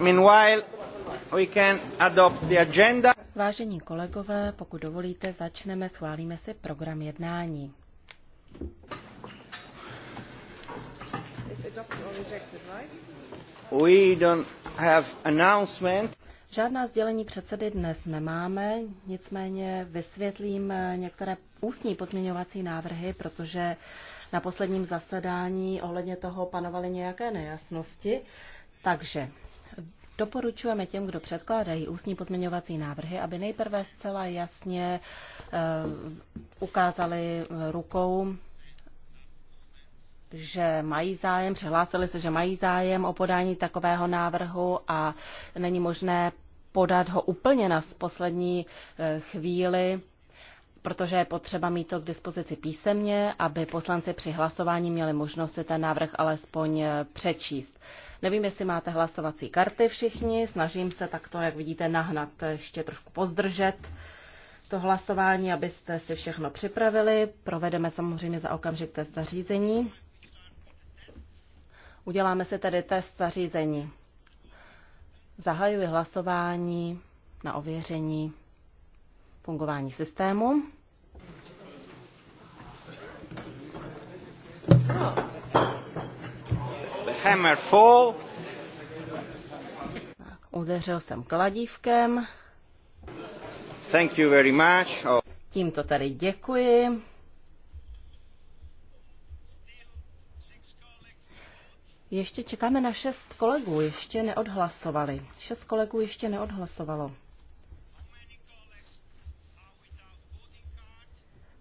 meanwhile, we can adopt the agenda. Vážení kolegové, pokud dovolíte, začneme, schválíme si program jednání. We don't have announcement. Žádná sdělení předsedy dnes nemáme, nicméně vysvětlím některé ústní pozměňovací návrhy, protože na posledním zasedání ohledně toho panovaly nějaké nejasnosti. Takže doporučujeme těm, kdo předkládají ústní pozměňovací návrhy, aby nejprve zcela jasně eh, ukázali eh, rukou, že mají zájem, přihlásili se, že mají zájem o podání takového návrhu a není možné podat ho úplně na poslední eh, chvíli, protože je potřeba mít to k dispozici písemně, aby poslanci při hlasování měli možnost si ten návrh alespoň přečíst. Nevím, jestli máte hlasovací karty všichni, snažím se takto, jak vidíte, nahnat ještě trošku pozdržet to hlasování, abyste si všechno připravili. Provedeme samozřejmě za okamžik test zařízení. Uděláme si tedy test zařízení. Zahajuji hlasování na ověření fungování systému. Oh hammer fall. Tak, udeřil jsem kladívkem. Thank you very much. Oh. Tímto tady děkuji. Ještě čekáme na šest kolegů, ještě neodhlasovali. Šest kolegů ještě neodhlasovalo.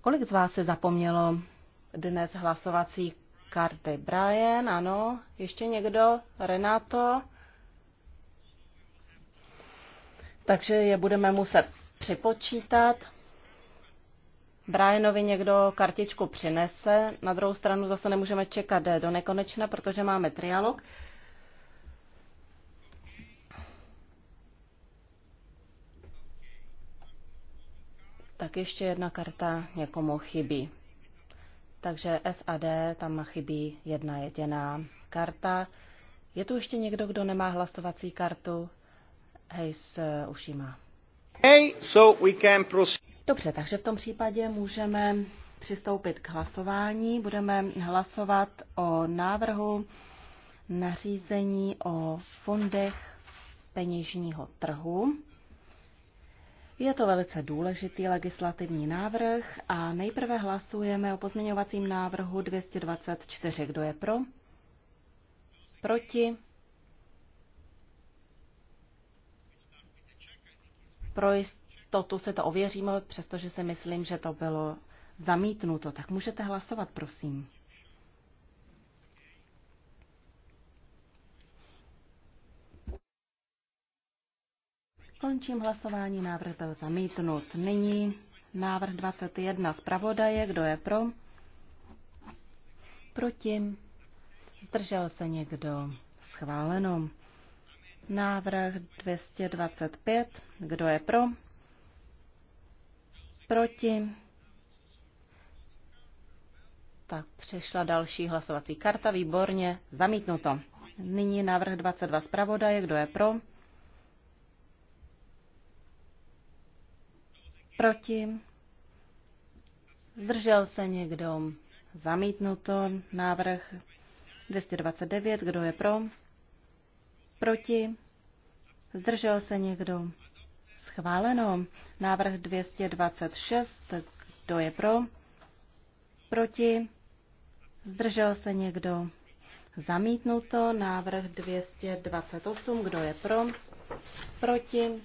Kolik z vás se zapomnělo dnes hlasovací karty. Brian, ano, ještě někdo? Renato? Takže je budeme muset připočítat. Brianovi někdo kartičku přinese, na druhou stranu zase nemůžeme čekat do nekonečna, protože máme trialog. Tak ještě jedna karta někomu chybí takže SAD tam chybí jedna jediná karta. Je tu ještě někdo, kdo nemá hlasovací kartu? Hej, s eh, ušima. Hey, so we can proceed. Dobře, takže v tom případě můžeme přistoupit k hlasování. Budeme hlasovat o návrhu nařízení o fondech peněžního trhu. Je to velice důležitý legislativní návrh a nejprve hlasujeme o pozměňovacím návrhu 224. Kdo je pro? Proti? Pro jistotu se to ověříme, přestože si myslím, že to bylo zamítnuto. Tak můžete hlasovat, prosím. Končím hlasování, návrh byl zamítnut. Nyní návrh 21 zpravodaje, kdo je pro? Proti? Zdržel se někdo? Schváleno. Návrh 225, kdo je pro? Proti? Tak přešla další hlasovací karta, výborně, zamítnuto. Nyní návrh 22 zpravodaje, kdo je pro? Proti? Zdržel se někdo? Zamítnuto. Návrh 229. Kdo je pro? Proti? Zdržel se někdo? Schváleno. Návrh 226. Kdo je pro? Proti? Zdržel se někdo? Zamítnuto. Návrh 228. Kdo je pro? Proti?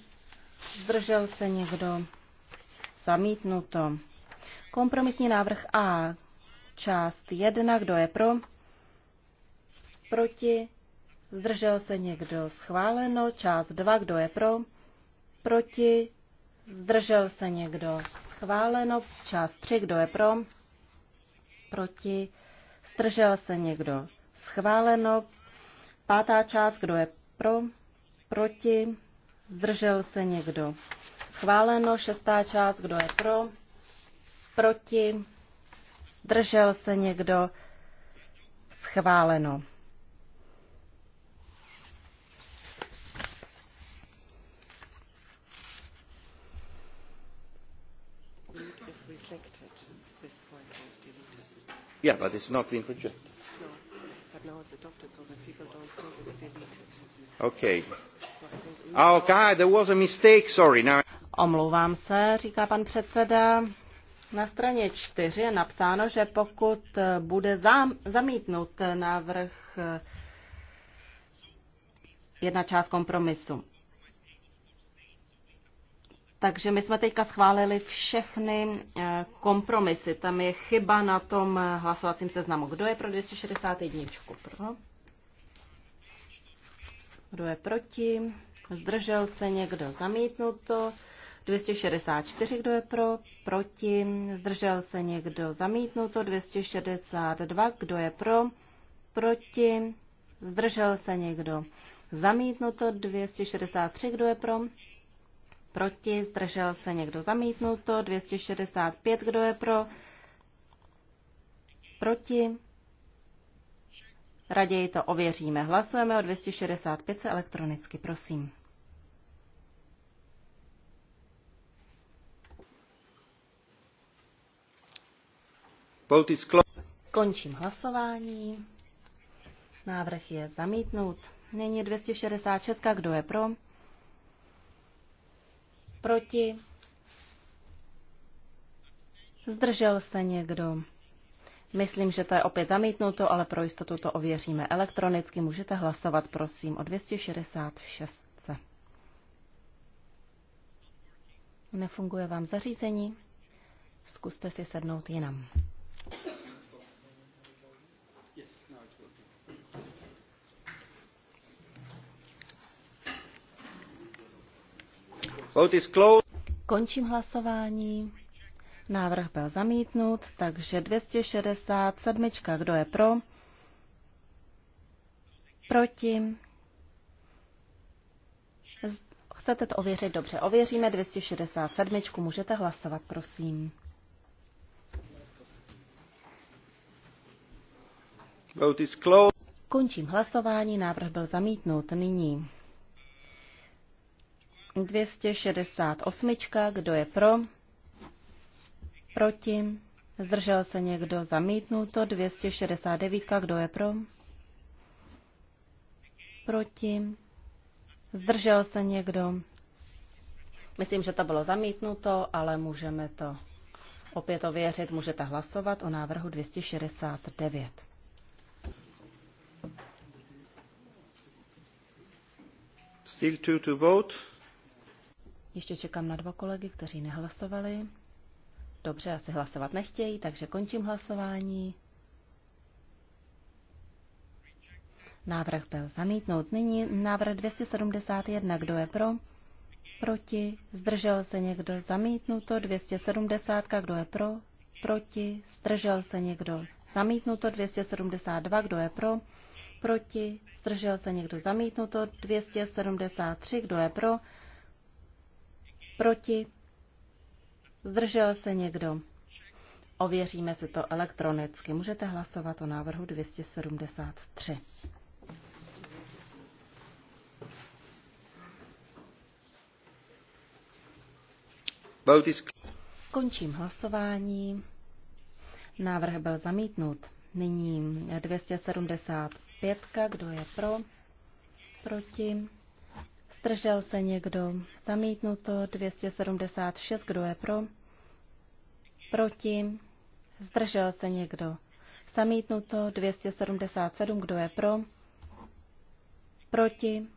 Zdržel se někdo? Zamítnuto. Kompromisní návrh A. Část 1. Kdo je pro? Proti? Zdržel se někdo? Schváleno. Část 2. Kdo je pro? Proti? Zdržel se někdo? Schváleno. Část 3. Kdo je pro? Proti? Zdržel se někdo? Schváleno. Pátá část. Kdo je pro? Proti? Zdržel se někdo? Schváleno šestá část, kdo je pro, proti, držel se někdo, schváleno. Yeah, but it's not been rejected. Okay. okay, oh, there was a mistake, sorry. Now... Omlouvám se, říká pan předseda. Na straně 4 je napsáno, že pokud bude zám, zamítnut návrh eh, jedna část kompromisu. Takže my jsme teďka schválili všechny eh, kompromisy. Tam je chyba na tom eh, hlasovacím seznamu. Kdo je pro 261? Pro. Kdo je proti? Zdržel se někdo? Zamítnuto. 264, kdo je pro, proti, zdržel se někdo, zamítnuto, 262, kdo je pro, proti, zdržel se někdo, zamítnuto, 263, kdo je pro, proti, zdržel se někdo zamítnuto, 265, kdo je pro, proti, raději to ověříme. Hlasujeme o 265 elektronicky, prosím. Končím hlasování. Návrh je zamítnut. Nyní 266. Kdo je pro? Proti? Zdržel se někdo? Myslím, že to je opět zamítnuto, ale pro jistotu to ověříme elektronicky. Můžete hlasovat, prosím, o 266. Nefunguje vám zařízení? Zkuste si sednout jinam. Končím hlasování. Návrh byl zamítnut, takže 267. Kdo je pro? Proti? Chcete to ověřit? Dobře, ověříme 267. Můžete hlasovat, prosím. Vote is closed. Končím hlasování, návrh byl zamítnut. Nyní 268. Kdo je pro? Proti? Zdržel se někdo? Zamítnuto. 269. Kdo je pro? Proti? Zdržel se někdo? Myslím, že to bylo zamítnuto, ale můžeme to opět ověřit. Můžete hlasovat o návrhu 269. Still two to vote. Ještě čekám na dva kolegy, kteří nehlasovali. Dobře, asi hlasovat nechtějí, takže končím hlasování. Návrh byl zamítnout. Nyní návrh 271. Kdo je pro? Proti. Zdržel se někdo? Zamítnuto. 270. Kdo je pro? Proti. Zdržel se někdo? Zamítnuto. 272. Kdo je pro? Proti. Zdržel se někdo? Zamítnuto. 273. Kdo je pro? Proti? Zdržel se někdo? Ověříme si to elektronicky. Můžete hlasovat o návrhu 273. Končím hlasování. Návrh byl zamítnut. Nyní 275. Kdo je pro? Proti? Zdržel se někdo? Zamítnuto 276. Kdo je pro? Proti? Zdržel se někdo? Zamítnuto 277. Kdo je pro? Proti?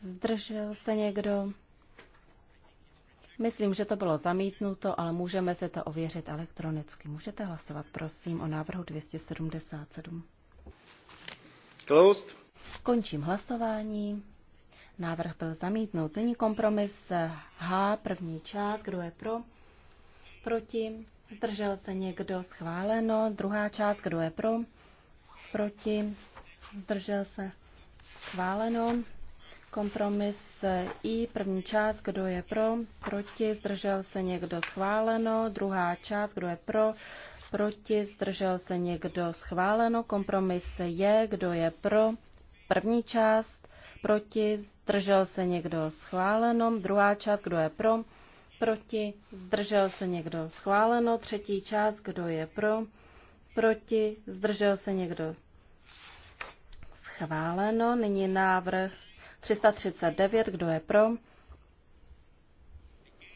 Zdržel se někdo? Myslím, že to bylo zamítnuto, ale můžeme se to ověřit elektronicky. Můžete hlasovat, prosím, o návrhu 277. Closed. Končím hlasování. Návrh byl zamítnut. Nyní kompromis H, první část. Kdo je pro? Proti? Zdržel se někdo? Schváleno. Druhá část. Kdo je pro? Proti? Zdržel se? Schváleno. Kompromis I, první část, kdo je pro, proti, zdržel se někdo schváleno, druhá část, kdo je pro, proti, zdržel se někdo schváleno, kompromis je, kdo je pro, první část, proti, zdržel se někdo schváleno, druhá část, kdo je pro, proti, zdržel se někdo schváleno, třetí část, kdo je pro, proti, zdržel se někdo schváleno, nyní návrh 339, kdo je pro,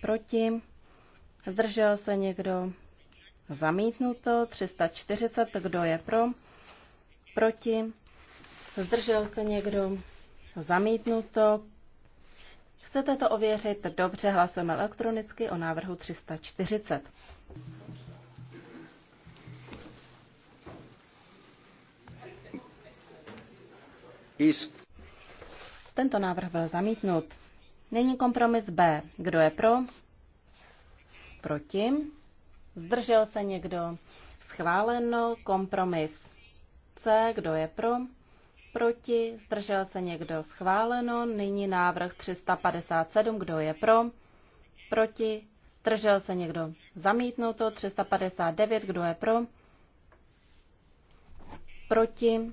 proti, zdržel se někdo zamítnuto, 340, kdo je pro, proti, zdržel se někdo Zamítnuto. Chcete to ověřit? Dobře, hlasujeme elektronicky o návrhu 340. Tento návrh byl zamítnut. Nyní kompromis B. Kdo je pro? Proti? Zdržel se někdo? Schváleno. Kompromis C. Kdo je pro? Proti? Zdržel se někdo? Schváleno. Nyní návrh 357. Kdo je pro? Proti? Zdržel se někdo? Zamítnuto. 359. Kdo je pro? Proti?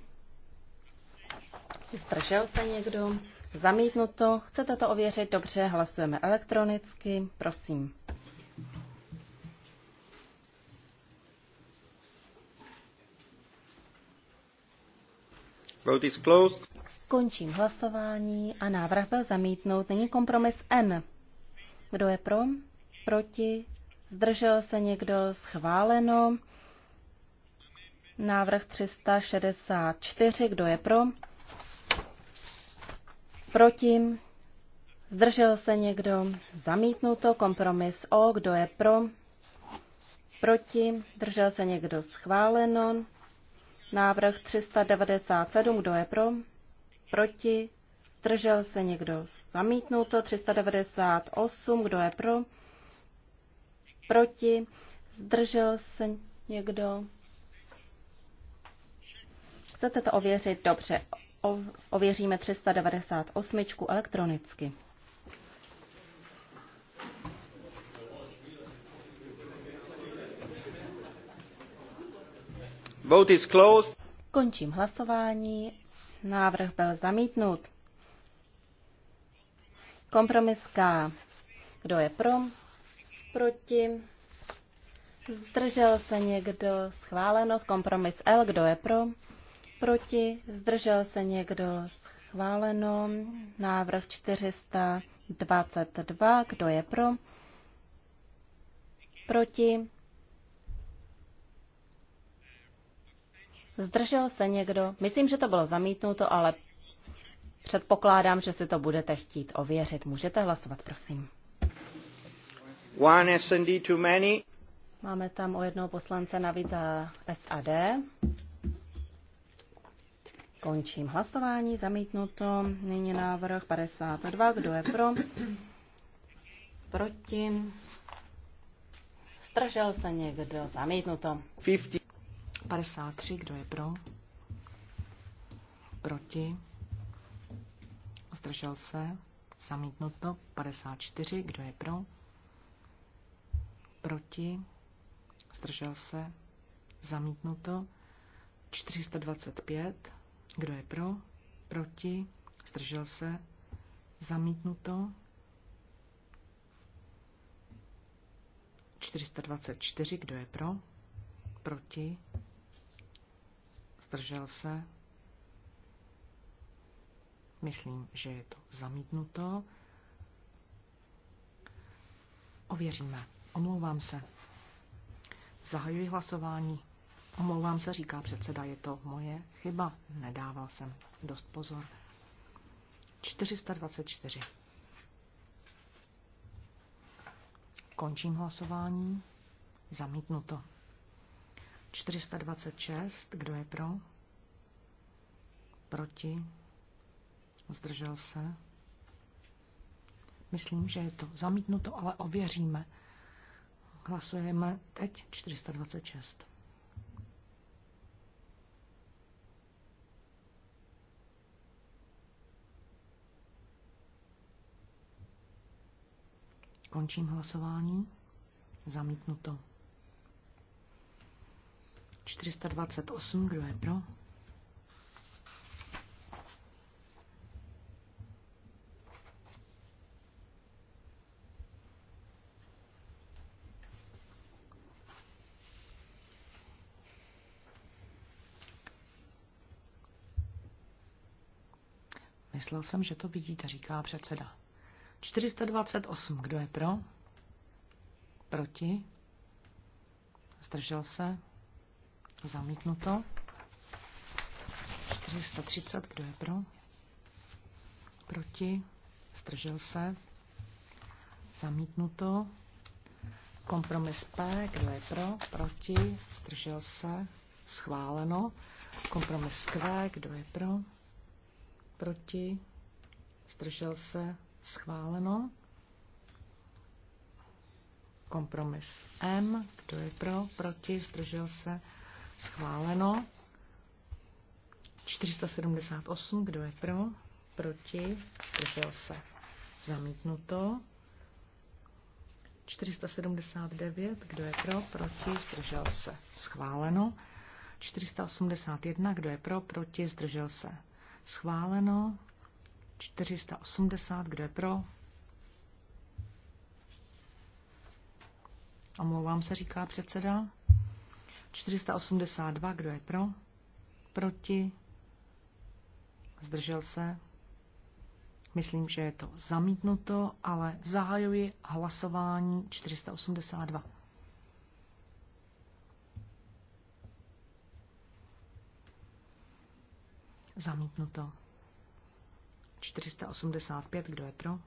Zdržel se někdo? Zamítnuto. Chcete to ověřit? Dobře, hlasujeme elektronicky. Prosím. Vote is closed. Končím hlasování a návrh byl zamítnout. Není kompromis N. Kdo je pro? Proti? Zdržel se někdo? Schváleno. Návrh 364. Kdo je pro? Proti? Zdržel se někdo? Zamítnuto. Kompromis O. Kdo je pro? Proti? Držel se někdo? Schváleno. Návrh 397, kdo je pro? Proti? Zdržel se někdo? Zamítnuto. 398, kdo je pro? Proti? Zdržel se někdo? Chcete to ověřit? Dobře. Ověříme 398 elektronicky. Vote is closed. Končím hlasování. Návrh byl zamítnut. Kompromis K. Kdo je pro? Proti? Zdržel se někdo? Schváleno. Kompromis L. Kdo je pro? Proti? Zdržel se někdo? Schváleno. Návrh 422. Kdo je pro? Proti? Zdržel se někdo? Myslím, že to bylo zamítnuto, ale předpokládám, že si to budete chtít ověřit. Můžete hlasovat, prosím. One SND too many. Máme tam o jednoho poslance navíc za SAD. Končím hlasování, zamítnuto. Nyní návrh 52. Kdo je pro? Proti? Zdržel se někdo? Zamítnuto. 50. 53, kdo je pro? Proti? Zdržel se? Zamítnuto. 54, kdo je pro? Proti? Zdržel se? Zamítnuto. 425, kdo je pro? Proti? Zdržel se? Zamítnuto. 424, kdo je pro? Proti? zdržel se. Myslím, že je to zamítnuto. Ověříme. Omlouvám se. Zahajuji hlasování. Omlouvám se, říká předseda, je to moje chyba. Nedával jsem dost pozor. 424. Končím hlasování. Zamítnuto. 426. Kdo je pro? Proti? Zdržel se? Myslím, že je to zamítnuto, ale ověříme. Hlasujeme teď 426. Končím hlasování. Zamítnuto. 428, kdo je pro? Myslel jsem, že to vidíte, říká předseda. 428, kdo je pro? Proti? Zdržel se? Zamítnuto. 430, kdo je pro? Proti? Zdržel se? Zamítnuto. Kompromis P, kdo je pro? Proti? Zdržel se? Schváleno. Kompromis Q, kdo je pro? Proti? Zdržel se? Schváleno. Kompromis M, kdo je pro? Proti? Zdržel se? Schváleno. 478, kdo je pro? Proti? Zdržel se. Zamítnuto. 479, kdo je pro? Proti? Zdržel se. Schváleno. 481, kdo je pro? Proti? Zdržel se. Schváleno. 480, kdo je pro? Omlouvám se, říká předseda. 482, kdo je pro? Proti? Zdržel se? Myslím, že je to zamítnuto, ale zahajuji hlasování 482. Zamítnuto. 485, kdo je pro?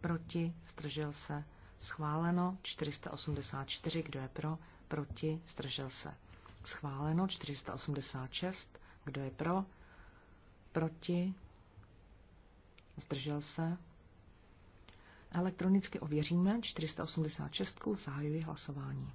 Proti, zdržel se, schváleno. 484, kdo je pro? proti, zdržel se. Schváleno 486, kdo je pro, proti, zdržel se. Elektronicky ověříme 486, zahajuji hlasování.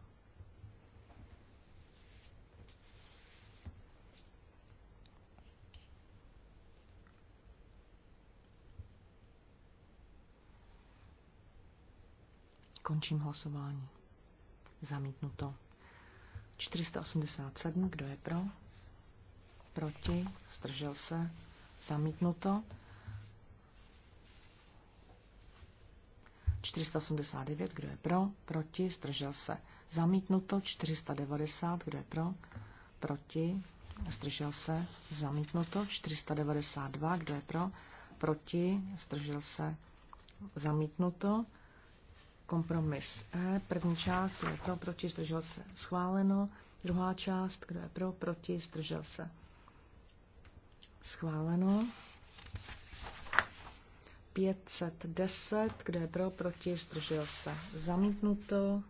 Končím hlasování. Zamítnuto. 487, kdo je pro? Proti, zdržel se, zamítnuto. 489, kdo je pro? Proti, zdržel se, zamítnuto. 490, kdo je pro? Proti, zdržel se, zamítnuto. 492, kdo je pro? Proti, zdržel se, zamítnuto. Kompromis E, první část, kdo je pro, proti, zdržel se, schváleno. Druhá část, kdo je pro, proti, zdržel se, schváleno. 510, kde je pro, proti, zdržel se, zamítnuto.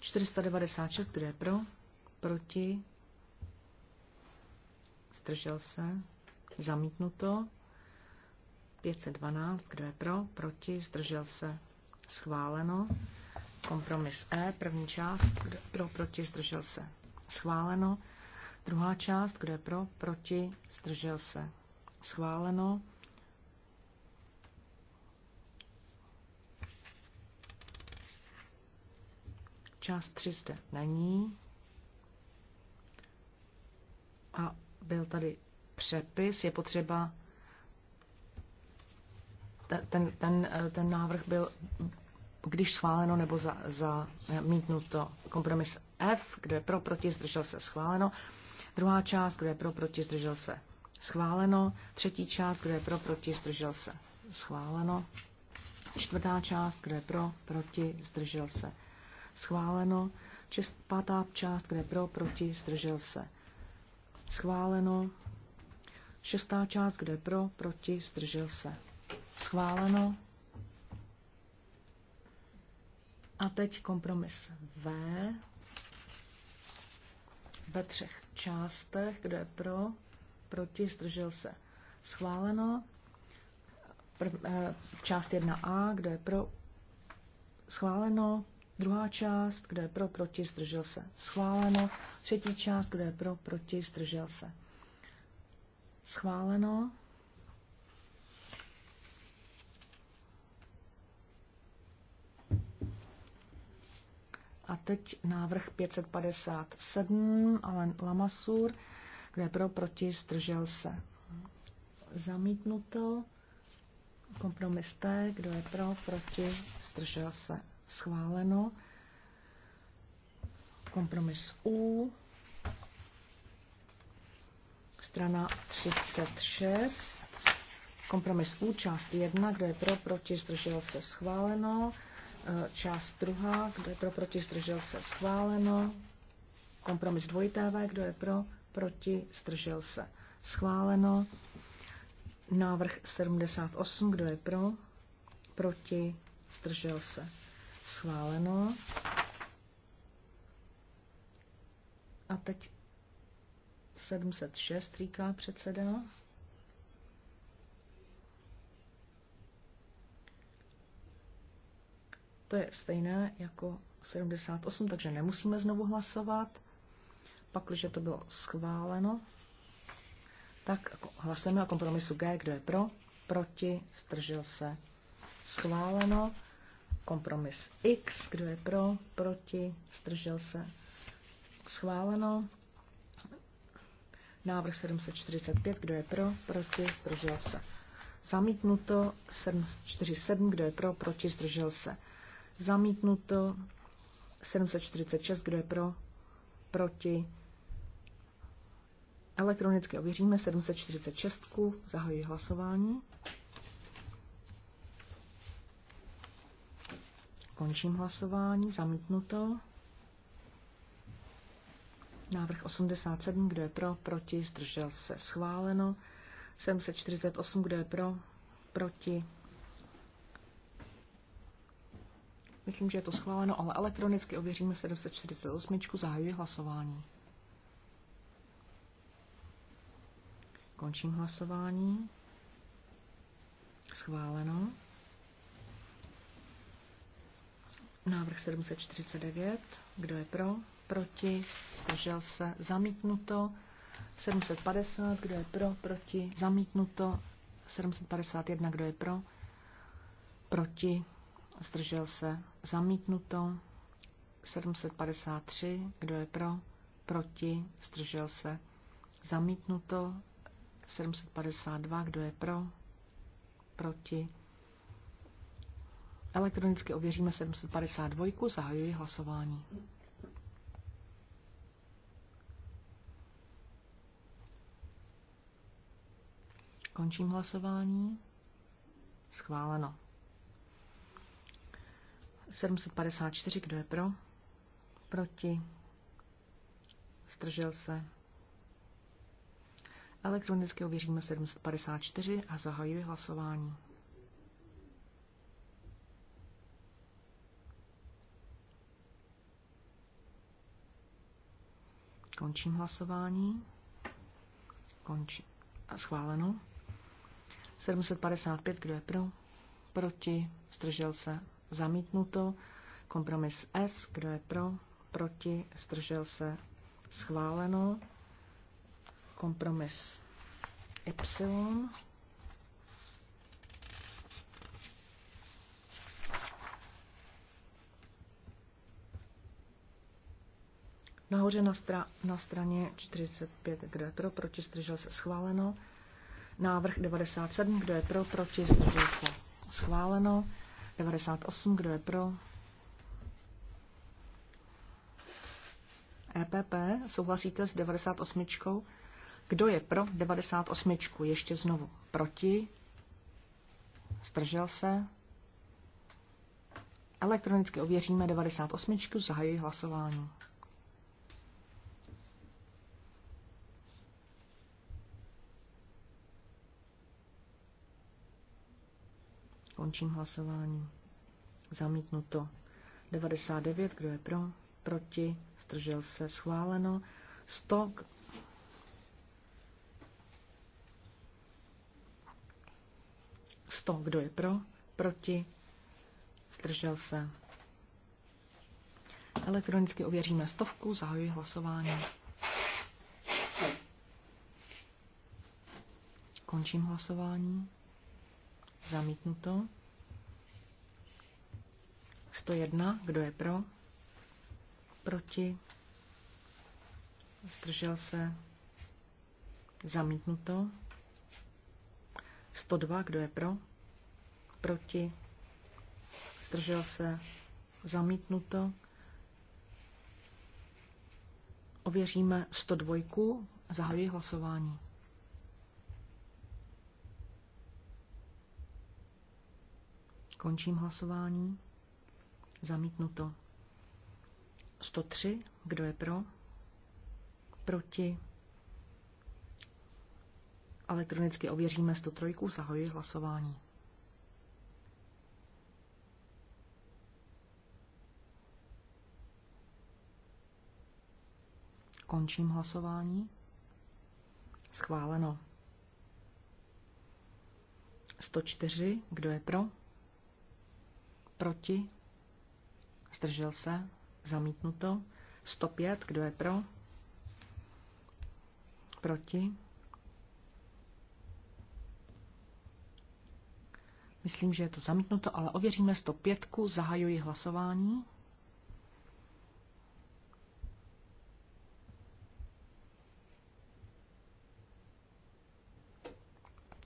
Čtyřista devadesát šest, kde je pro, proti, zdržel se, zamítnuto. 512, kdo je pro, proti, zdržel se, schváleno. Kompromis E, první část, kdo je pro, proti, zdržel se, schváleno. Druhá část, kdo je pro, proti, zdržel se, schváleno. Část 3 zde není. A byl tady přepis, je potřeba ten, ten, eh, ten návrh byl, když schváleno nebo za, za eh, mítnuto kompromis F, kdo je pro, proti, zdržel se, schváleno. Druhá část, kdo je pro, proti, zdržel se, schváleno. Třetí část, kdo je pro, proti, zdržel se, schváleno. Čtvrtá část, kdo je pro, proti, zdržel se, schváleno. Čest, pátá část, kdo je pro, proti, zdržel se, Schváleno. Šestá část, kde pro, proti, zdržel se. Schváleno. A teď kompromis V ve třech částech, kde pro, proti, zdržel se. Schváleno. Prv, eh, část 1a, kde pro, schváleno. Druhá část, kde pro, proti, zdržel se. Schváleno. Třetí část, kdo je pro, proti, zdržel se. Schváleno. A teď návrh 557, ale Lamasur, kde pro, proti, zdržel se. Zamítnuto. Kompromis T, kdo je pro, proti, zdržel se. Schváleno. Kompromis U. Strana 36. Kompromis U, část 1, kdo je pro, proti, zdržel se, schváleno. E, část 2, kdo je pro, proti, zdržel se, schváleno. Kompromis dvojité V, kdo je pro, proti, zdržel se, schváleno. Návrh 78, kdo je pro, proti, zdržel se, schváleno. A teď 706, říká předseda. To je stejné jako 78, takže nemusíme znovu hlasovat. Pak, když to bylo schváleno, tak jako hlasujeme o kompromisu G, kdo je pro, proti, stržil se, schváleno. Kompromis X, kdo je pro, proti, stržil se, Schváleno. Návrh 745, kdo je pro, proti, zdržel se. Zamítnuto 747, kdo je pro, proti, zdržel se. Zamítnuto 746, kdo je pro, proti. Elektronicky ověříme 746, zahajuji hlasování. Končím hlasování, zamítnuto. Návrh 87, kdo je pro, proti, zdržel se, schváleno. 748, kdo je pro, proti. Myslím, že je to schváleno, ale elektronicky ověříme 748, zahajuji hlasování. Končím hlasování. Schváleno. Návrh 749. Kdo je pro? proti, zdržel se, zamítnuto. 750, kdo je pro, proti, zamítnuto. 751, kdo je pro, proti, zdržel se, zamítnuto. 753, kdo je pro, proti, zdržel se, zamítnuto. 752, kdo je pro, proti. Elektronicky ověříme 752, zahajuji hlasování. Končím hlasování. Schváleno. 754, kdo je pro? Proti? Stržel se? Elektronicky ověříme 754 a zahajuji hlasování. Končím hlasování. Končím. A schváleno. 755, kdo je pro? Proti, zdržel se, zamítnuto. Kompromis S, kdo je pro? Proti, zdržel se, schváleno. Kompromis Y, Nahoře na, stra- na straně 45, kdo je pro, proti, zdržel se schváleno. Návrh 97, kdo je pro, proti, zdržuje se. Schváleno. 98, kdo je pro. EPP, souhlasíte s 98? Kdo je pro 98? Ještě znovu. Proti? Zdržel se? Elektronicky ověříme 98. Zahajuji hlasování. Končím hlasování. Zamítnuto. 99, kdo je pro? Proti? Zdržel se? Schváleno. 100, Sto, kdo je pro? Proti? Zdržel se? Elektronicky ověříme stovku, zahajuji hlasování. Končím hlasování. Zamítnuto. 101. Kdo je pro? Proti? Zdržel se? Zamítnuto. 102. Kdo je pro? Proti? Zdržel se? Zamítnuto. Ověříme 102. Zahajuji hlasování. Končím hlasování. Zamítnuto. 103. Kdo je pro? Proti? Elektronicky ověříme 103. Zahojuji hlasování. Končím hlasování. Schváleno. 104. Kdo je pro? Proti? Zdržel se? Zamítnuto. 105. Kdo je pro? Proti? Myslím, že je to zamítnuto, ale ověříme 105. Zahajuji hlasování.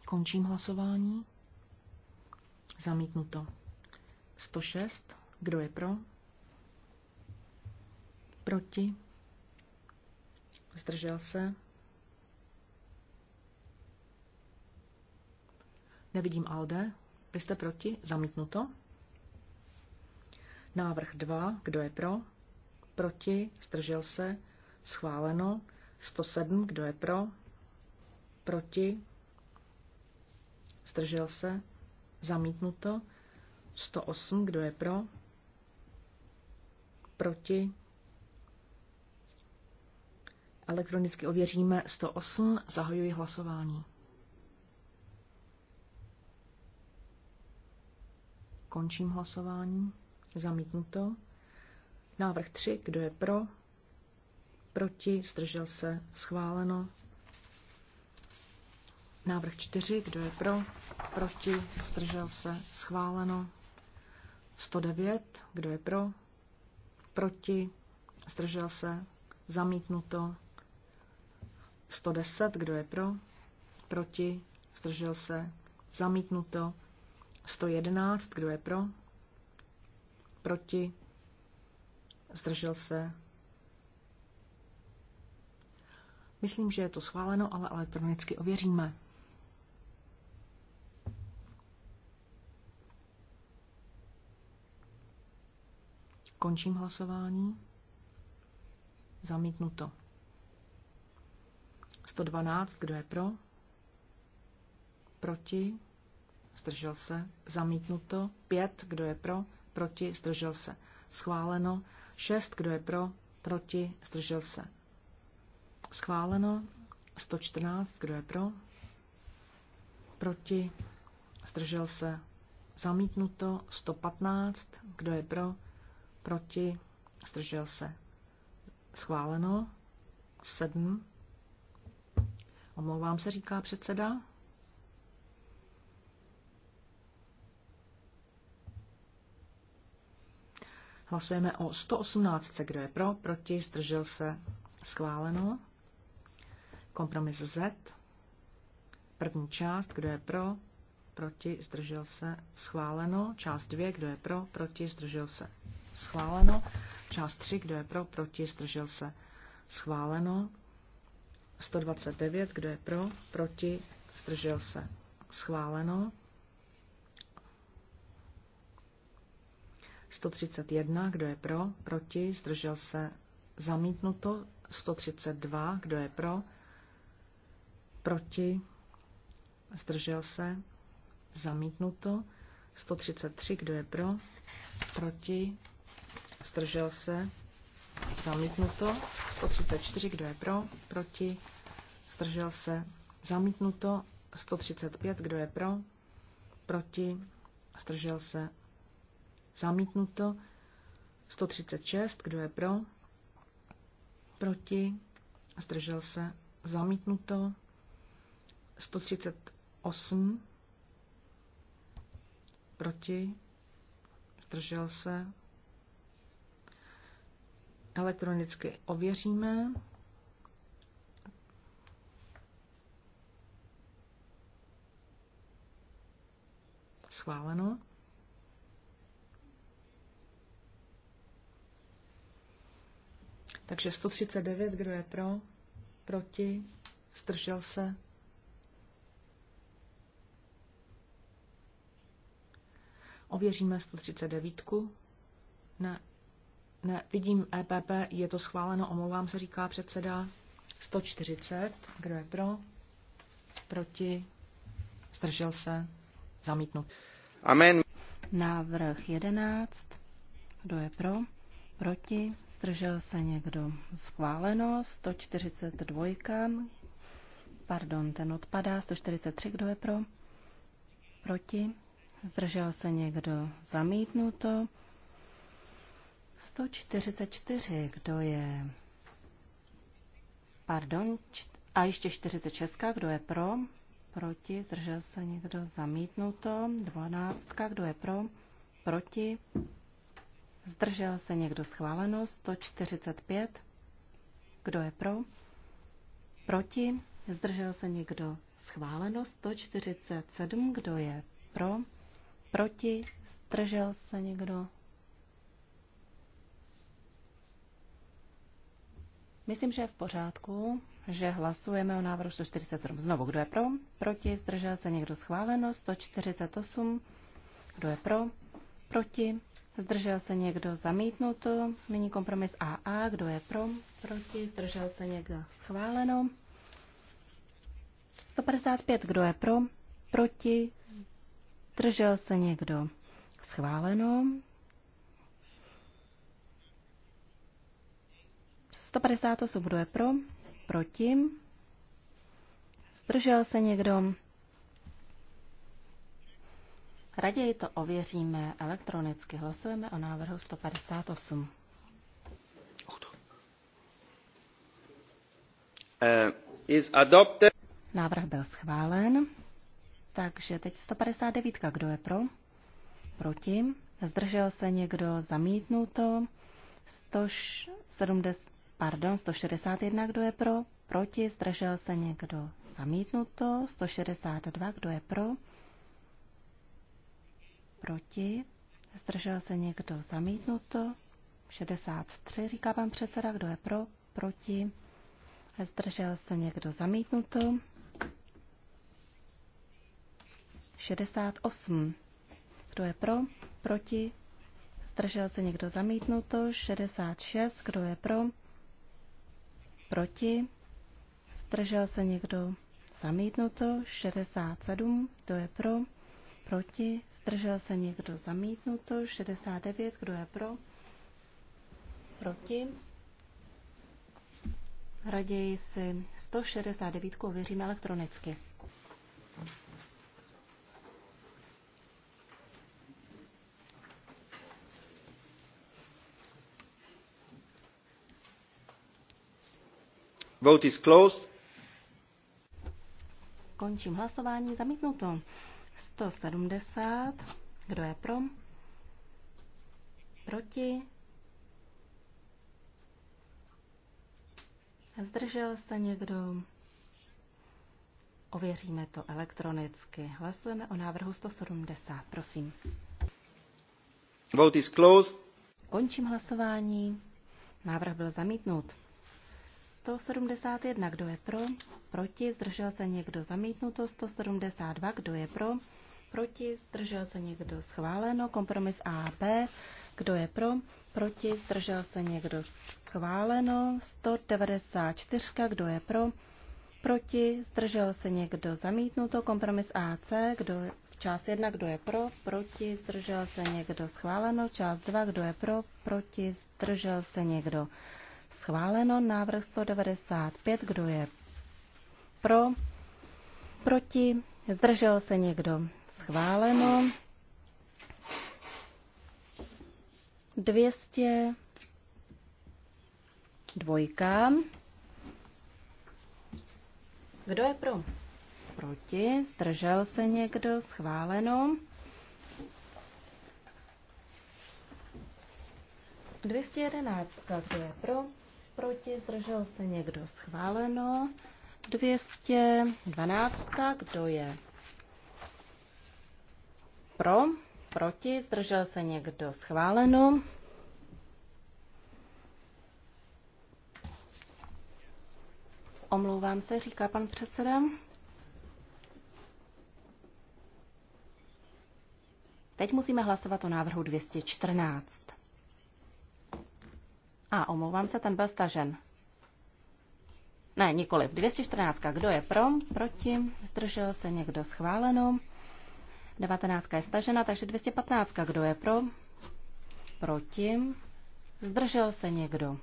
Končím hlasování. Zamítnuto. 106. Kdo je pro? Proti? Zdržel se? Nevidím Alde. Vy jste proti? Zamítnuto. Návrh 2. Kdo je pro? Proti? Zdržel se? Schváleno. 107. Kdo je pro? Proti? Zdržel se? Zamítnuto. 108, kdo je pro? Proti? Elektronicky ověříme 108, zahajuji hlasování. Končím hlasování. Zamítnuto. Návrh 3, kdo je pro? Proti, zdržel se, schváleno. Návrh 4, kdo je pro? Proti, zdržel se, schváleno. 109. Kdo je pro? Proti? Zdržel se? Zamítnuto. 110. Kdo je pro? Proti? Zdržel se? Zamítnuto. 111. Kdo je pro? Proti? Zdržel se? Myslím, že je to schváleno, ale elektronicky ověříme. Končím hlasování. Zamítnuto. 112, kdo je pro? Proti? Zdržel se. Zamítnuto. 5, kdo je pro? Proti? Zdržel se. Schváleno. 6, kdo je pro? Proti? Zdržel se. Schváleno. 114, kdo je pro? Proti? Zdržel se. Zamítnuto. 115, kdo je pro? proti, zdržel se. Schváleno. Sedm. Omlouvám se, říká předseda. Hlasujeme o 118, kdo je pro, proti, zdržel se, schváleno. Kompromis Z. První část, kdo je pro, proti, zdržel se, schváleno. Část 2, kdo je pro, proti, zdržel se, schváleno. Část 3, kdo je pro, proti, zdržel se, schváleno. 129, kdo je pro, proti, zdržel se, schváleno. 131, kdo je pro, proti, zdržel se, zamítnuto. 132, kdo je pro, proti, zdržel se, zamítnuto. 133, kdo je pro, proti, Zdržel se? Zamítnuto. 134, kdo je pro? Proti? Zdržel se? Zamítnuto. 135, kdo je pro? Proti? Zdržel se? Zamítnuto. 136, kdo je pro? Proti? Zdržel se? Zamítnuto. 138. Proti? Zdržel se? Elektronicky ověříme. Schváleno. Takže 139, kdo je pro, proti, zdržel se. Ověříme 139. na. Ne, vidím EPP, je to schváleno, omlouvám se, říká předseda. 140, kdo je pro? Proti? Zdržel se? Zamítnut. Amen. Návrh 11, kdo je pro? Proti? Zdržel se někdo? Schváleno. 142, pardon, ten odpadá. 143, kdo je pro? Proti? Zdržel se někdo? Zamítnuto. 144, kdo je... Pardon, a ještě 46, kdo je pro? Proti, zdržel se někdo, zamítnuto. 12, kdo je pro? Proti, zdržel se někdo, schváleno. 145, kdo je pro? Proti, zdržel se někdo, schváleno. 147, kdo je pro? Proti, zdržel se někdo, Myslím, že je v pořádku, že hlasujeme o návrhu 147. Znovu, kdo je pro? Proti? Zdržel se někdo schváleno? 148. Kdo je pro? Proti? Zdržel se někdo zamítnuto? Nyní kompromis AA. Kdo je pro? Proti? Zdržel se někdo schváleno? 155. Kdo je pro? Proti? Zdržel se někdo schváleno? 158, kdo je pro? Proti? Zdržel se někdo? Raději to ověříme elektronicky. Hlasujeme o návrhu 158. Eh, is adopted. Návrh byl schválen. Takže teď 159. Kdo je pro? Proti. Zdržel se někdo? Zamítnuto. 170. Pardon, 161, kdo je pro? Proti, zdržel se někdo? Zamítnuto. 162, kdo je pro? Proti, zdržel se někdo? Zamítnuto. 63, říká pan předseda, kdo je pro? Proti, zdržel se někdo? Zamítnuto. 68, kdo je pro? Proti, zdržel se někdo? Zamítnuto. 66, kdo je pro? proti, zdržel se někdo, zamítnuto, 67, kdo je pro, proti, zdržel se někdo, zamítnuto, 69, kdo je pro, proti, raději si 169 ověříme elektronicky. Vote is closed. Končím hlasování. Zamítnuto. 170. Kdo je pro? Proti? Zdržel se někdo? Ověříme to elektronicky. Hlasujeme o návrhu 170. Prosím. Vote is closed. Končím hlasování. Návrh byl zamítnut. 171, kdo je pro, proti, zdržel se někdo zamítnuto, 172, kdo je pro, proti, zdržel se někdo schváleno, kompromis A-B, kdo je pro, proti, zdržel se někdo schváleno, 194, kdo je pro, proti, zdržel se někdo zamítnuto, kompromis A-C, kdo je Část 1, kdo je pro, proti, zdržel se někdo schváleno. Část 2, kdo je pro, proti, zdržel se někdo schváleno. Návrh 195, kdo je pro, proti, zdržel se někdo, schváleno. 200, dvojka. Kdo je pro? Proti, zdržel se někdo, schváleno. 211, kdo je pro? proti, zdržel se někdo schváleno. 212, kdo je pro, proti, zdržel se někdo schváleno. Omlouvám se, říká pan předseda. Teď musíme hlasovat o návrhu 214. A omlouvám se, ten byl stažen. Ne, nikoliv. 214. Kdo je pro? Proti? Zdržel se někdo schváleno? 19. je stažena, takže 215. Kdo je pro? Proti? Zdržel se někdo?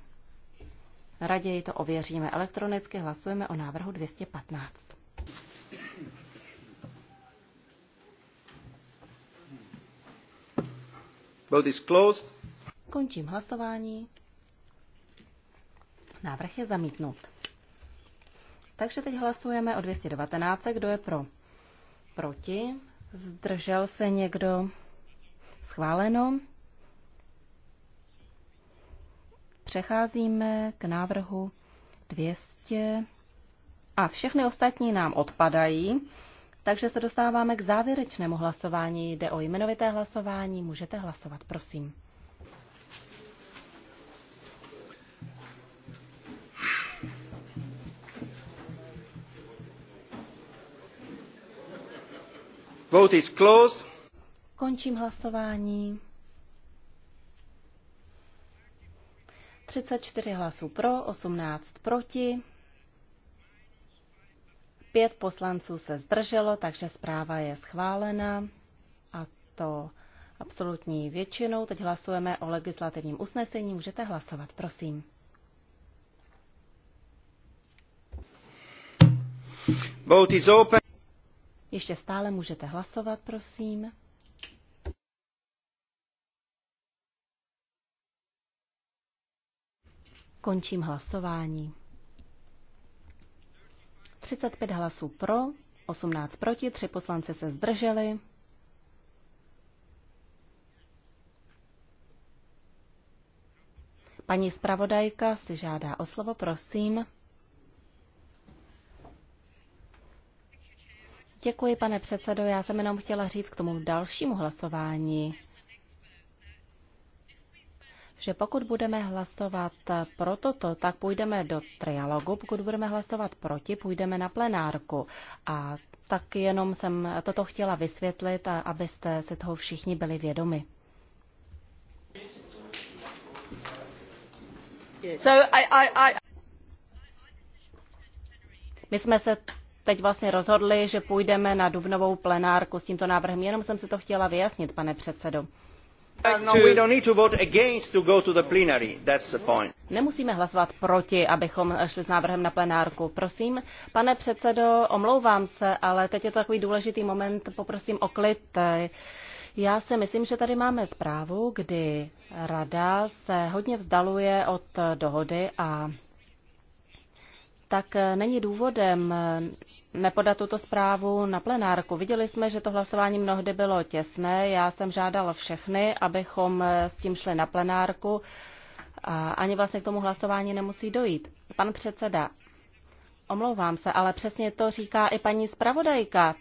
Raději to ověříme elektronicky, hlasujeme o návrhu 215. Vote is closed. Končím hlasování. Návrh je zamítnut. Takže teď hlasujeme o 219. Kdo je pro? Proti? Zdržel se někdo? Schváleno. Přecházíme k návrhu 200. A všechny ostatní nám odpadají, takže se dostáváme k závěrečnému hlasování. Jde o jmenovité hlasování. Můžete hlasovat, prosím. Vote is closed. Končím hlasování. 34 hlasů pro, 18 proti. Pět poslanců se zdrželo, takže zpráva je schválena a to absolutní většinou. Teď hlasujeme o legislativním usnesení. Můžete hlasovat, prosím. Vote is open. Ještě stále můžete hlasovat, prosím. Končím hlasování. 35 hlasů pro, 18 proti, 3 poslance se zdrželi. Paní zpravodajka si žádá o slovo, prosím. Děkuji, pane předsedo. Já jsem jenom chtěla říct k tomu dalšímu hlasování, že pokud budeme hlasovat pro toto, tak půjdeme do trialogu, pokud budeme hlasovat proti, půjdeme na plenárku. A tak jenom jsem toto chtěla vysvětlit, abyste se toho všichni byli vědomi. So I, I, I... My jsme se teď vlastně rozhodli, že půjdeme na dubnovou plenárku s tímto návrhem. Jenom jsem se to chtěla vyjasnit, pane předsedo. No, uh, Nemusíme hlasovat proti, abychom šli s návrhem na plenárku. Prosím, pane předsedo, omlouvám se, ale teď je to takový důležitý moment, poprosím o klid. Já si myslím, že tady máme zprávu, kdy rada se hodně vzdaluje od dohody a tak není důvodem nepodat tuto zprávu na plenárku. Viděli jsme, že to hlasování mnohdy bylo těsné. Já jsem žádala všechny, abychom s tím šli na plenárku. A ani vlastně k tomu hlasování nemusí dojít. Pan předseda, omlouvám se, ale přesně to říká i paní zpravodajka,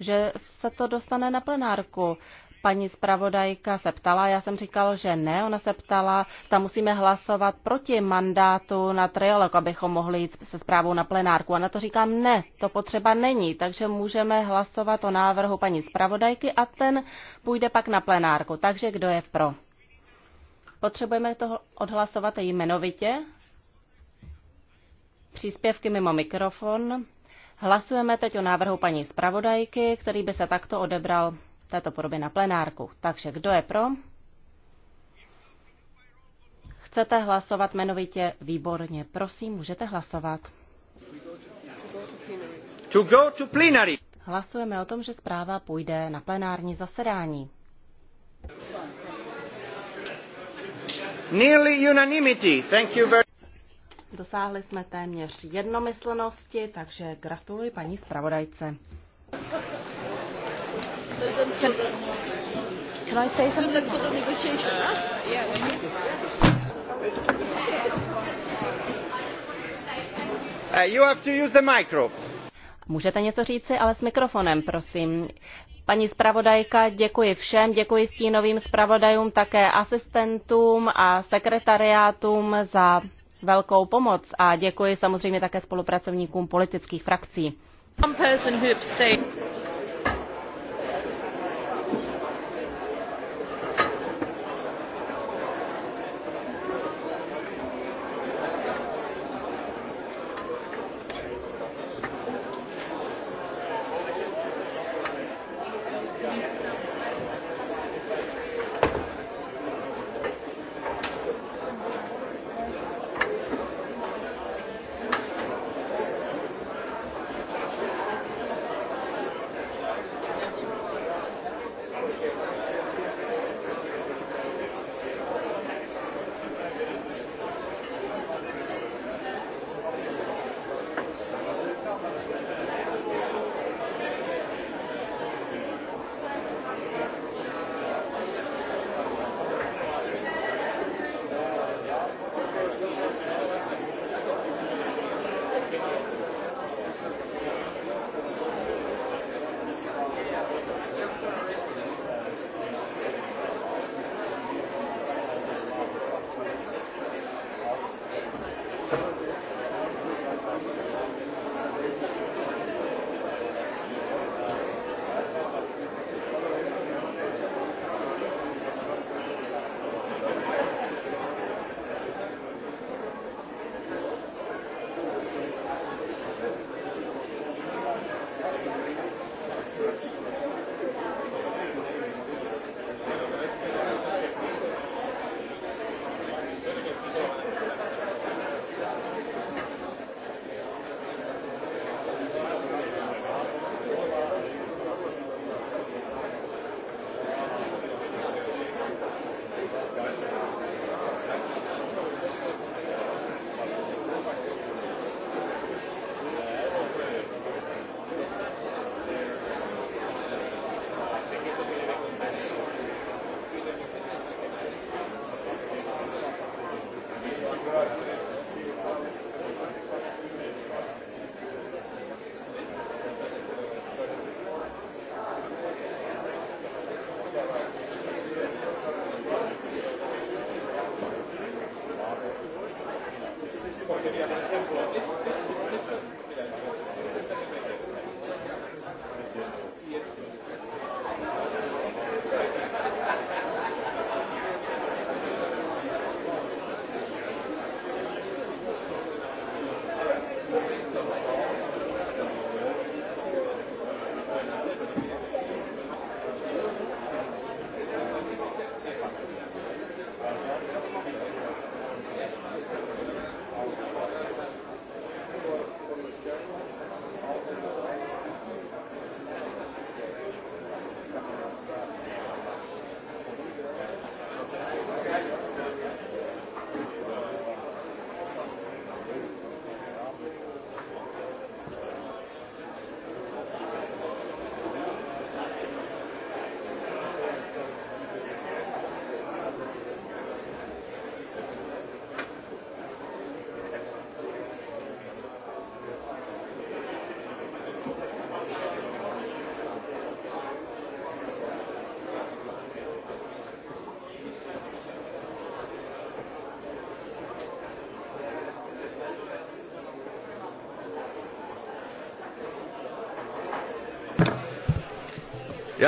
že se to dostane na plenárku paní zpravodajka se ptala, já jsem říkal, že ne, ona se ptala, zda musíme hlasovat proti mandátu na trialog, abychom mohli jít se zprávou na plenárku. A na to říkám, ne, to potřeba není, takže můžeme hlasovat o návrhu paní zpravodajky a ten půjde pak na plenárku. Takže kdo je pro? Potřebujeme to odhlasovat jmenovitě. Příspěvky mimo mikrofon. Hlasujeme teď o návrhu paní zpravodajky, který by se takto odebral této podobě na plenárku. Takže kdo je pro? Chcete hlasovat jmenovitě? Výborně. Prosím, můžete hlasovat. To go to plenary. Hlasujeme o tom, že zpráva půjde na plenární zasedání. Nearly unanimity. Thank you very... Dosáhli jsme téměř jednomyslnosti, takže gratuluji paní zpravodajce. Can, can I say something? Good luck for the negotiation. Uh, Uh, you have to use the micro. Můžete něco říci, ale s mikrofonem, prosím. Paní zpravodajka, děkuji všem, děkuji stínovým zpravodajům, také asistentům a sekretariátům za velkou pomoc a děkuji samozřejmě také spolupracovníkům politických frakcí.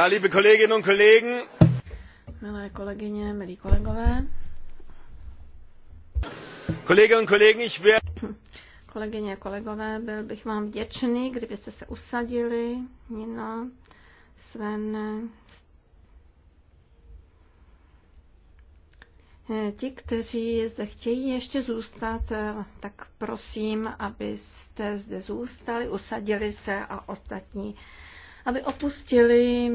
liebe Kolleginnen und Kollegen. Milé kolegyně, milí kolegové. Kolleginnen und Kollegen, ich wäre Kolegyně, kolegové, byl bych vám vděčný, kdybyste se usadili. Nino, Sven, eh, Ti, kteří zde chtějí ještě zůstat, eh, tak prosím, abyste zde zůstali, usadili se a ostatní aby opustili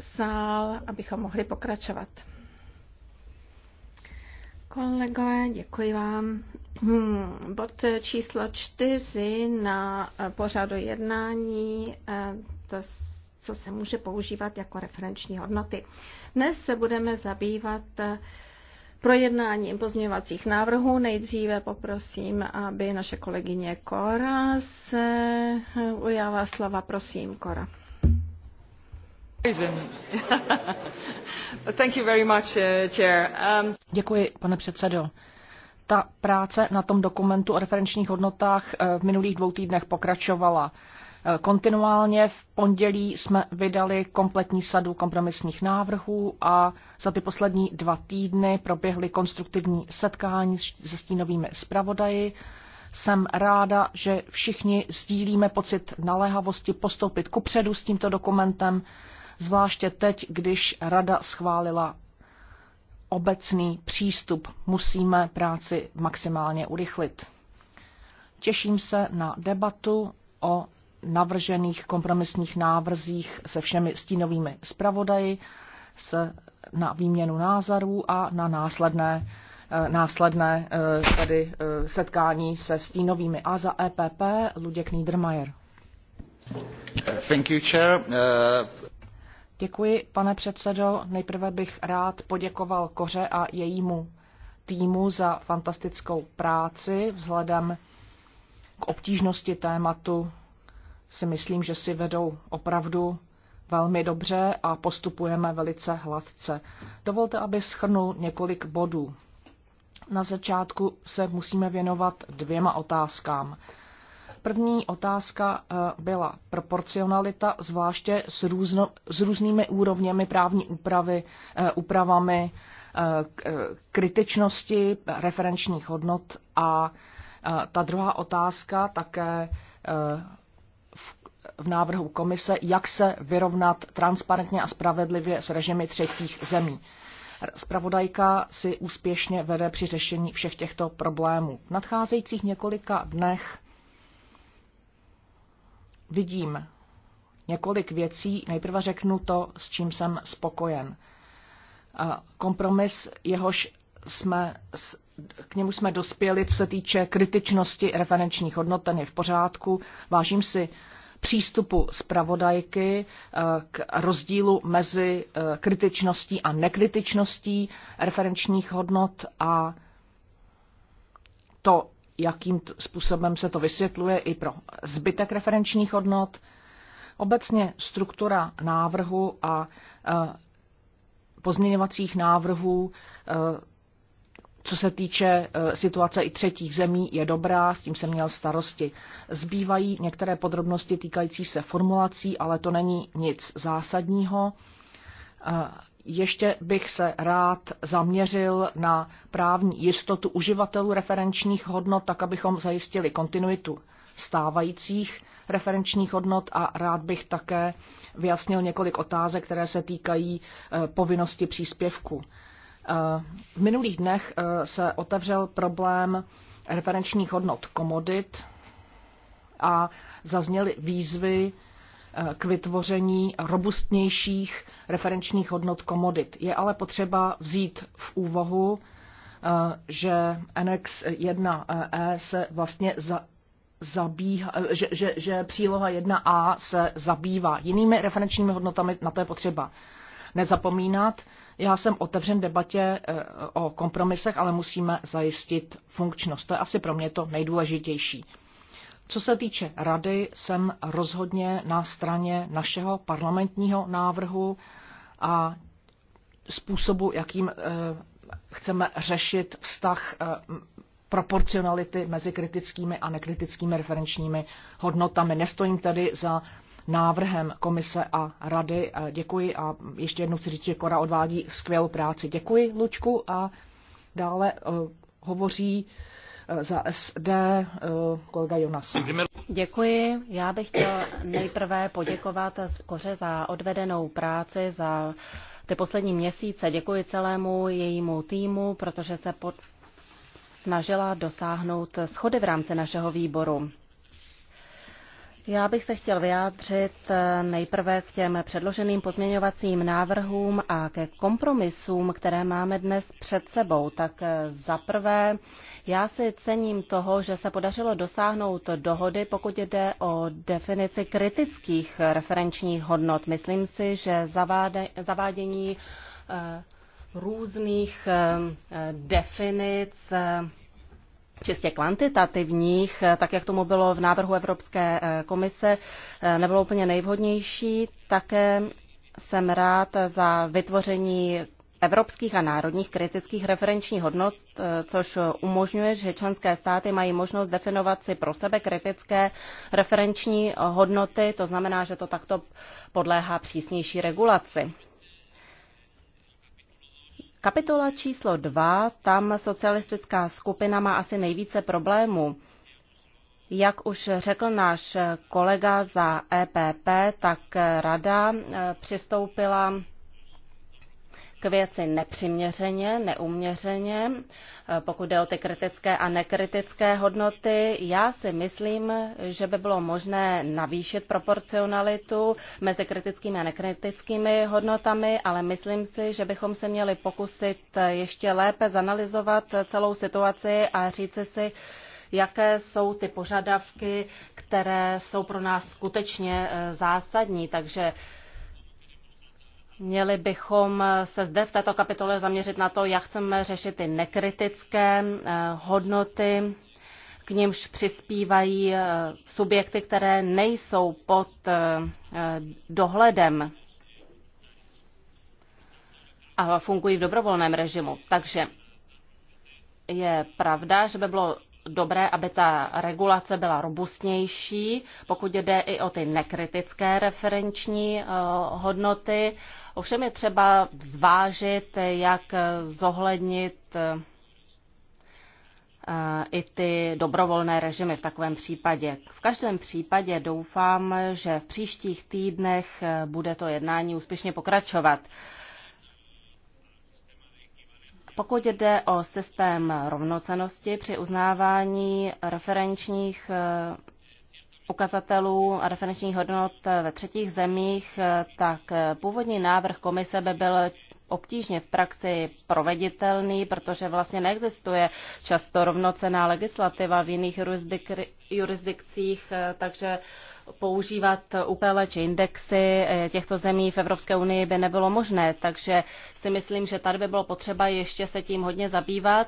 sál, abychom mohli pokračovat. Kolegové, děkuji vám. Hmm, bod číslo čtyři na pořadu jednání, eh, to, co se může používat jako referenční hodnoty. Dnes se budeme zabývat eh, projednáním pozměňovacích návrhů. Nejdříve poprosím, aby naše kolegyně Kora se ujala slova. Prosím, Kora. Uh, um, Děkuji, pane předsedo. Ta práce na tom dokumentu o referenčních hodnotách eh, v minulých dvou týdnech pokračovala. Eh, kontinuálně v pondělí jsme vydali kompletní sadu kompromisních návrhů a za ty poslední dva týdny proběhly konstruktivní setkání se stínovými zpravodaji. Jsem ráda, že všichni sdílíme pocit naléhavosti postoupit kupředu s tímto dokumentem, zvláště teď, když Rada schválila obecný přístup. Musíme práci maximálně urychlit. Těším se na debatu o navržených kompromisních návrzích se všemi stínovými zpravodaji, se na výměnu názorů a na následné, eh, následné eh, tady eh, setkání se stínovými a za EPP Luděk Niedermayer. Thank you, chair. Uh... Děkuji, pane předsedo. Nejprve bych rád poděkoval Koře a jejímu týmu za fantastickou práci. Vzhledem k obtížnosti tématu si myslím, že si vedou opravdu velmi dobře a postupujeme velice hladce. Dovolte, aby schrnul několik bodů. Na začátku se musíme věnovat dvěma otázkám. První otázka eh, byla proporcionalita, zvláště s, různo, s různými úrovněmi právní úpravy, eh, úpravami eh, kritičnosti referenčních hodnot a ta druhá otázka také v návrhu komise, jak se vyrovnat transparentně a spravedlivě s režimy třetích zemí. Spravodajka si úspěšně vede při řešení všech těchto problémů. V nadcházejících několika dnech vidím několik věcí. Nejprve řeknu to, s čím jsem spokojen. Kompromis, jehož jsme, k němu jsme dospěli, co se týče kritičnosti referenčních hodnot, ten je v pořádku. Vážím si přístupu zpravodajky eh, k rozdílu mezi eh, kritičností a nekritičností referenčních hodnot a to jakým způsobem se to vysvětluje i pro zbytek referenčních hodnot. Obecně struktura návrhu a e, pozměňovacích návrhů, e, co se týče e, situace i třetích zemí, je dobrá, s tím jsem měl starosti. Zbývají některé podrobnosti týkající se formulací, ale to není nic zásadního. Ještě bych se rád zaměřil na právní jistotu uživatelů referenčních hodnot, tak abychom zajistili kontinuitu stávajících referenčních hodnot a rád bych také vyjasnil několik otázek, které se týkají eh, povinnosti příspěvku. Eh, v minulých dnech eh, se otevřel problém referenčních hodnot komodit a zazněly výzvy k vytvoření robustnějších referenčních hodnot komodit. Je ale potřeba vzít v úvahu, eh, že NX 1E se vlastně za, zabíha, eh, že, že, že příloha 1A se zabývá jinými referenčními hodnotami, na to je potřeba nezapomínat. Já jsem otevřen debatě eh, o kompromisech, ale musíme zajistit funkčnost. To je asi pro mě to nejdůležitější. Co se týče rady, jsem rozhodně na straně našeho parlamentního návrhu a způsobu, jakým eh, chceme řešit vztah eh, proporcionality mezi kritickými a nekritickými referenčními hodnotami. Nestojím tedy za návrhem komise a rady. Eh, děkuji a ještě jednou chci říct, že Kora odvádí skvělou práci. Děkuji, Lučku, a dále hovoří Eh, za SD, eh, kolega Jonas. Děkuji. Já bych chtěl nejprve poděkovat Koře za odvedenou práci, za ty poslední měsíce. Děkuji celému jejímu týmu, protože se pod snažila dosáhnout schody v rámci našeho výboru. Já bych se chtěl vyjádřit eh, nejprve k těm předloženým pozměňovacím návrhům a ke kompromisům, které máme dnes před sebou. Tak eh, za prvé, já si cením toho, že se podařilo dosáhnout dohody, pokud jde o definici kritických referenčních hodnot. Myslím si, že zaváde, zavádění eh, různých definic čistě kvantitativních, eh, tak jak tomu bylo v návrhu Evropské eh, komise, eh, nebylo úplně nejvhodnější. Také jsem rád za vytvoření evropských a národních kritických referenčních hodnot, což umožňuje, že členské státy mají možnost definovat si pro sebe kritické referenční hodnoty, to znamená, že to takto podléhá přísnější regulaci. Kapitola číslo 2, tam socialistická skupina má asi nejvíce problémů. Jak už řekl náš kolega za EPP, tak rada eh, přistoupila věci nepřiměřeně, neuměřeně, eh, pokud jde o ty kritické a nekritické hodnoty. Já si myslím, že by bylo možné navýšit proporcionalitu mezi kritickými a nekritickými hodnotami, ale myslím si, že bychom se měli pokusit eh, ještě lépe zanalizovat celou situaci a říci si, jaké jsou ty požadavky, které jsou pro nás skutečně eh, zásadní. Takže Měli bychom se zde v této kapitole zaměřit na to, jak chceme řešit ty nekritické eh, hodnoty, k nímž přispívají eh, subjekty, které nejsou pod eh, dohledem a fungují v dobrovolném režimu. Takže je pravda, že by bylo dobré, aby ta regulace byla robustnější, pokud jde i o ty nekritické referenční eh, hodnoty. Ovšem je třeba zvážit, jak zohlednit eh, eh, i ty dobrovolné režimy v takovém případě. V každém případě doufám, že v příštích týdnech bude to jednání úspěšně pokračovat. Pokud jde o systém rovnocenosti při uznávání referenčních eh, ukazatelů a referenčních hodnot eh, ve třetích zemích, eh, tak původní návrh komise by byl obtížně v praxi proveditelný, protože vlastně neexistuje často rovnocená legislativa v jiných jurisdikcích, eh, takže používat úplně či indexy eh, těchto zemí v Evropské unii by nebylo možné. Takže si myslím, že tady by bylo potřeba ještě se tím hodně zabývat.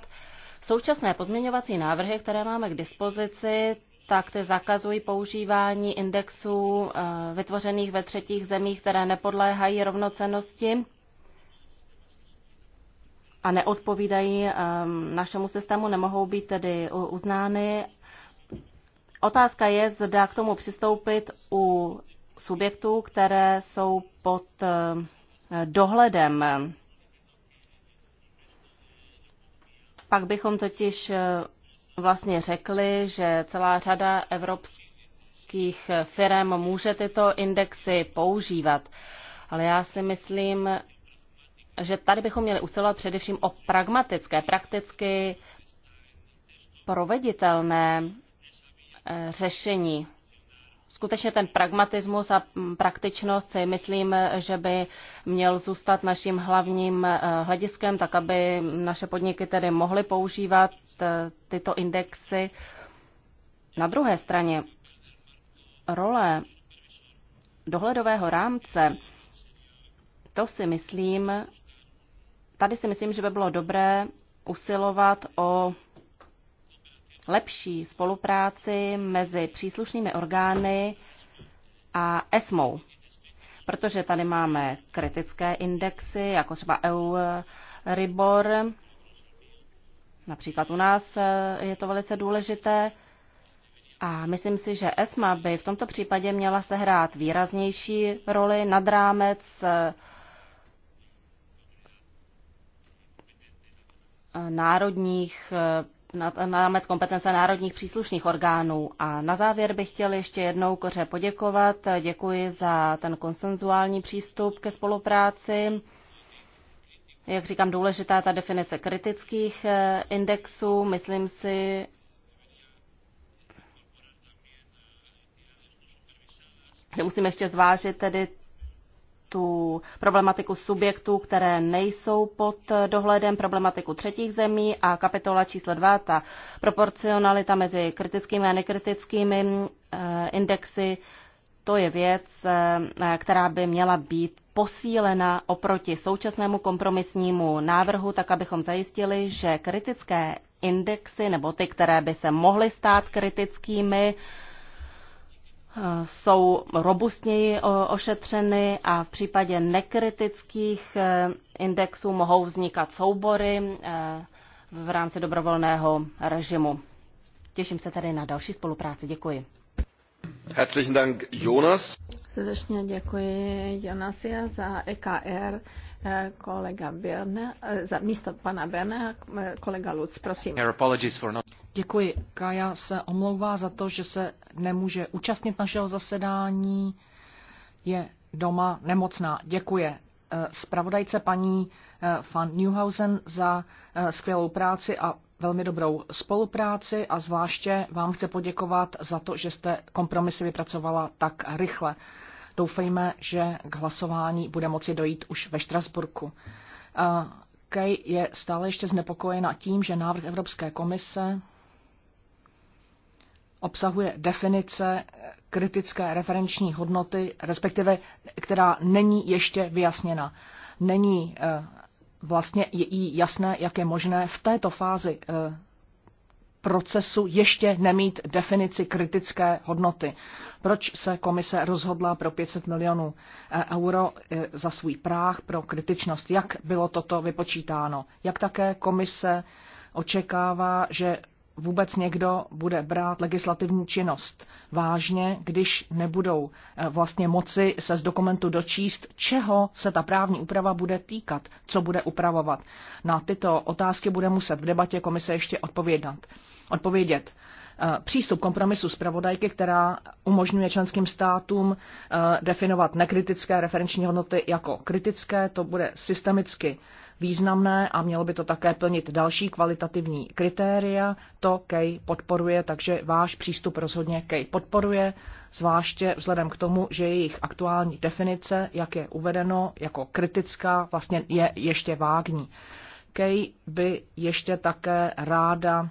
Současné pozměňovací návrhy, které máme k dispozici, tak ty zakazují používání indexů eh, vytvořených ve třetích zemích, které nepodléhají rovnocenosti a neodpovídají ehm, našemu systému, nemohou být tedy uznány. Otázka je, zda k tomu přistoupit u subjektů, které jsou pod ehm, dohledem. Pak bychom totiž eh, vlastně řekli, že celá řada evropských firm může tyto indexy používat. Ale já si myslím, že tady bychom měli usilovat především o pragmatické, prakticky proveditelné eh, řešení. Skutečně ten pragmatismus a mm, praktičnost si myslím, že by měl zůstat naším hlavním eh, hlediskem, tak aby naše podniky tedy mohly používat eh, tyto indexy. Na druhé straně role dohledového rámce, to si myslím, tady si myslím, že by bylo dobré usilovat o lepší spolupráci mezi příslušnými orgány a ESMou. Protože tady máme kritické indexy, jako třeba EURIBOR, například u nás eh, je to velice důležité. A myslím si, že ESMA by v tomto případě měla sehrát výraznější roli nad rámec eh, národních eh, na námet kompetence národních příslušných orgánů. A na závěr bych chtěl ještě jednou koře poděkovat. Děkuji za ten konsenzuální přístup ke spolupráci. Jak říkám, důležitá ta definice kritických eh, indexů. Myslím si, že musíme ještě zvážit tedy tu problematiku subjektů, které nejsou pod dohledem, problematiku třetích zemí a kapitola číslo 2, ta proporcionalita mezi kritickými a nekritickými eh, indexy, to je věc, eh, která by měla být posílena oproti současnému kompromisnímu návrhu, tak abychom zajistili, že kritické indexy nebo ty, které by se mohly stát kritickými, Eh, jsou robustněji ošetřeny a v případě nekritických eh, indexů mohou vznikat soubory eh, v rámci dobrovolného režimu. Těším se tedy na další spolupráci. Děkuji. Herzlichen Dank, Jonas. Srdečně děkuji Jonasia za EKR, kolega Birne, za místo pana Berna, kolega Lutz, prosím. Děkuji. Kaja se omlouvá za to, že se nemůže účastnit našeho zasedání. Je doma nemocná. Děkuje eh, zpravodajce paní eh, van Newhausen za eh, skvělou práci a velmi dobrou spolupráci a zvláště vám chci poděkovat za to, že jste kompromisy vypracovala tak rychle. Doufejme, že k hlasování bude moci dojít už ve Štrasburku. Kay je stále ještě znepokojena tím, že návrh Evropské komise obsahuje definice eh, kritické referenční hodnoty, respektive která není ještě vyjasněna. Není eh, vlastně i jasné, jak je možné v této fázi eh, procesu ještě nemít definici kritické hodnoty. Proč se komise rozhodla pro 500 milionů euro za svůj práh pro kritičnost? Jak bylo toto vypočítáno? Jak také komise očekává, že vůbec někdo bude brát legislativní činnost vážně, když nebudou eh, vlastně moci se z dokumentu dočíst, čeho se ta právní úprava bude týkat, co bude upravovat. Na tyto otázky bude muset v debatě komise ještě odpovědat. odpovědět. Eh, přístup kompromisu zpravodajky, která umožňuje členským státům eh, definovat nekritické referenční hodnoty jako kritické, to bude systemicky významné a mělo by to také plnit další kvalitativní kritéria. To Kej podporuje, takže váš přístup rozhodně Kej podporuje, zvláště vzhledem k tomu, že jejich aktuální definice, jak je uvedeno jako kritická, vlastně je ještě vágní. Kej by ještě také ráda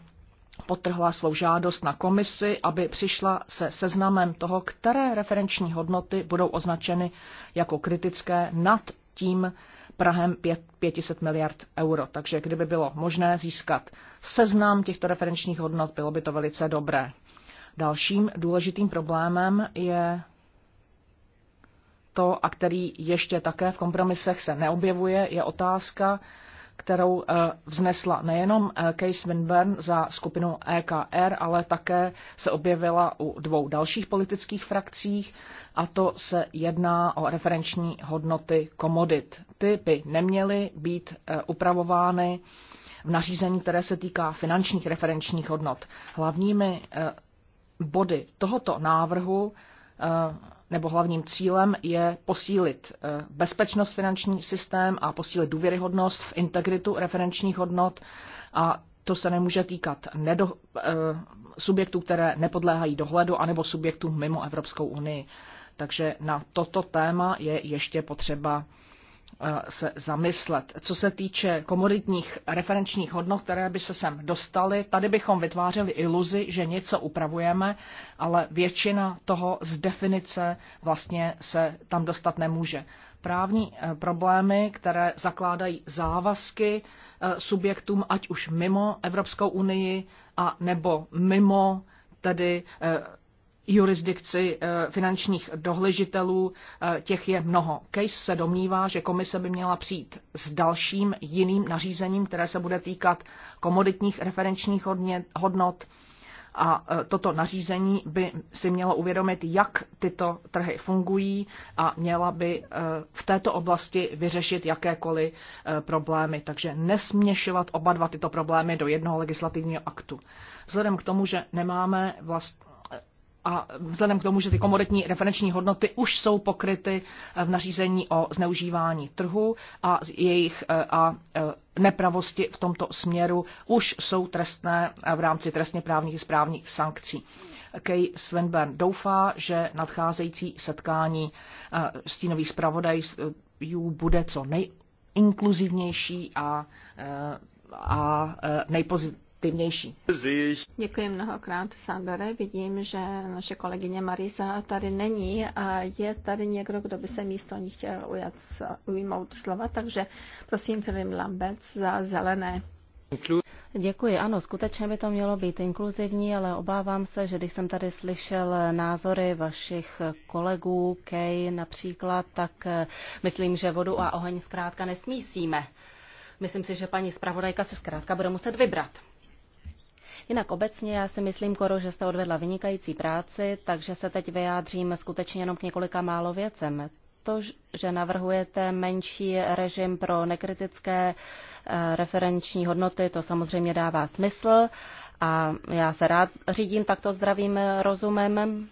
potrhla svou žádost na komisi, aby přišla se seznamem toho, které referenční hodnoty budou označeny jako kritické nad tím Prahem 5, 500 miliard euro. Takže kdyby bylo možné získat seznam těchto referenčních hodnot, bylo by to velice dobré. Dalším důležitým problémem je to, a který ještě také v kompromisech se neobjevuje, je otázka, kterou eh, vznesla nejenom eh, Case Winburn za skupinu EKR, ale také se objevila u dvou dalších politických frakcích, a to se jedná o referenční hodnoty komodit. Ty by neměly být eh, upravovány v nařízení, které se týká finančních referenčních hodnot. Hlavními body tohoto návrhu nebo hlavním cílem je posílit eh, bezpečnost finanční systém a posílit důvěryhodnost v integritu referenčních hodnot a to se nemůže týkat nedo, eh, subjektů, které nepodléhají dohledu, anebo subjektů mimo Evropskou unii. Takže na toto téma je ještě potřeba Eh, se zamyslet. Co se týče komoditních referenčních hodnot, které by se sem dostaly, tady bychom vytvářeli iluzi, že něco upravujeme, ale většina toho z definice vlastně se tam dostat nemůže. Právní eh, problémy, které zakládají závazky eh, subjektům, ať už mimo Evropskou unii a nebo mimo tedy jurisdikci eh, finančních dohležitelů, eh, těch je mnoho. Case se domnívá, že komise by měla přijít s dalším jiným nařízením, které se bude týkat komoditních referenčních hodnot. A eh, toto nařízení by si mělo uvědomit, jak tyto trhy fungují a měla by v této oblasti vyřešit jakékoliv problémy. Takže nesměšovat oba dva tyto problémy do jednoho legislativního aktu. Vzhledem k tomu, že nemáme vlast, a vzhledem k tomu, že ty komoditní referenční hodnoty už jsou pokryty eh, v nařízení o zneužívání trhu a jejich eh, a eh, nepravosti v tomto směru už jsou trestné v rámci trestně právních správních sankcí. Kay Svenbern doufá, že nadcházející setkání stínových zpravodajů bude co nejinkluzivnější a, a nejpozitivnější efektivnější. Děkuji mnohokrát, Sandore. Vidím, že naše kolegyně Marisa tady není a je tady někdo, kdo by se místo ní chtěl ujat, ujmout slova, takže prosím Filip Lambec za zelené. Děkuji, ano, skutečně by to mělo být inkluzivní, ale obávám se, že když jsem tady slyšel názory vašich kolegů, Kej například, tak eh, myslím, že vodu a oheň zkrátka nesmísíme. Myslím si, že paní zpravodajka se zkrátka bude muset vybrat. Jinak obecně já si myslím, Koro, že jste odvedla vynikající práci, takže se teď vyjádřím skutečně jenom k několika málo věcem. To, že navrhujete menší režim pro nekritické eh, referenční hodnoty, to samozřejmě dává smysl a já se rád řídím takto zdravým rozumem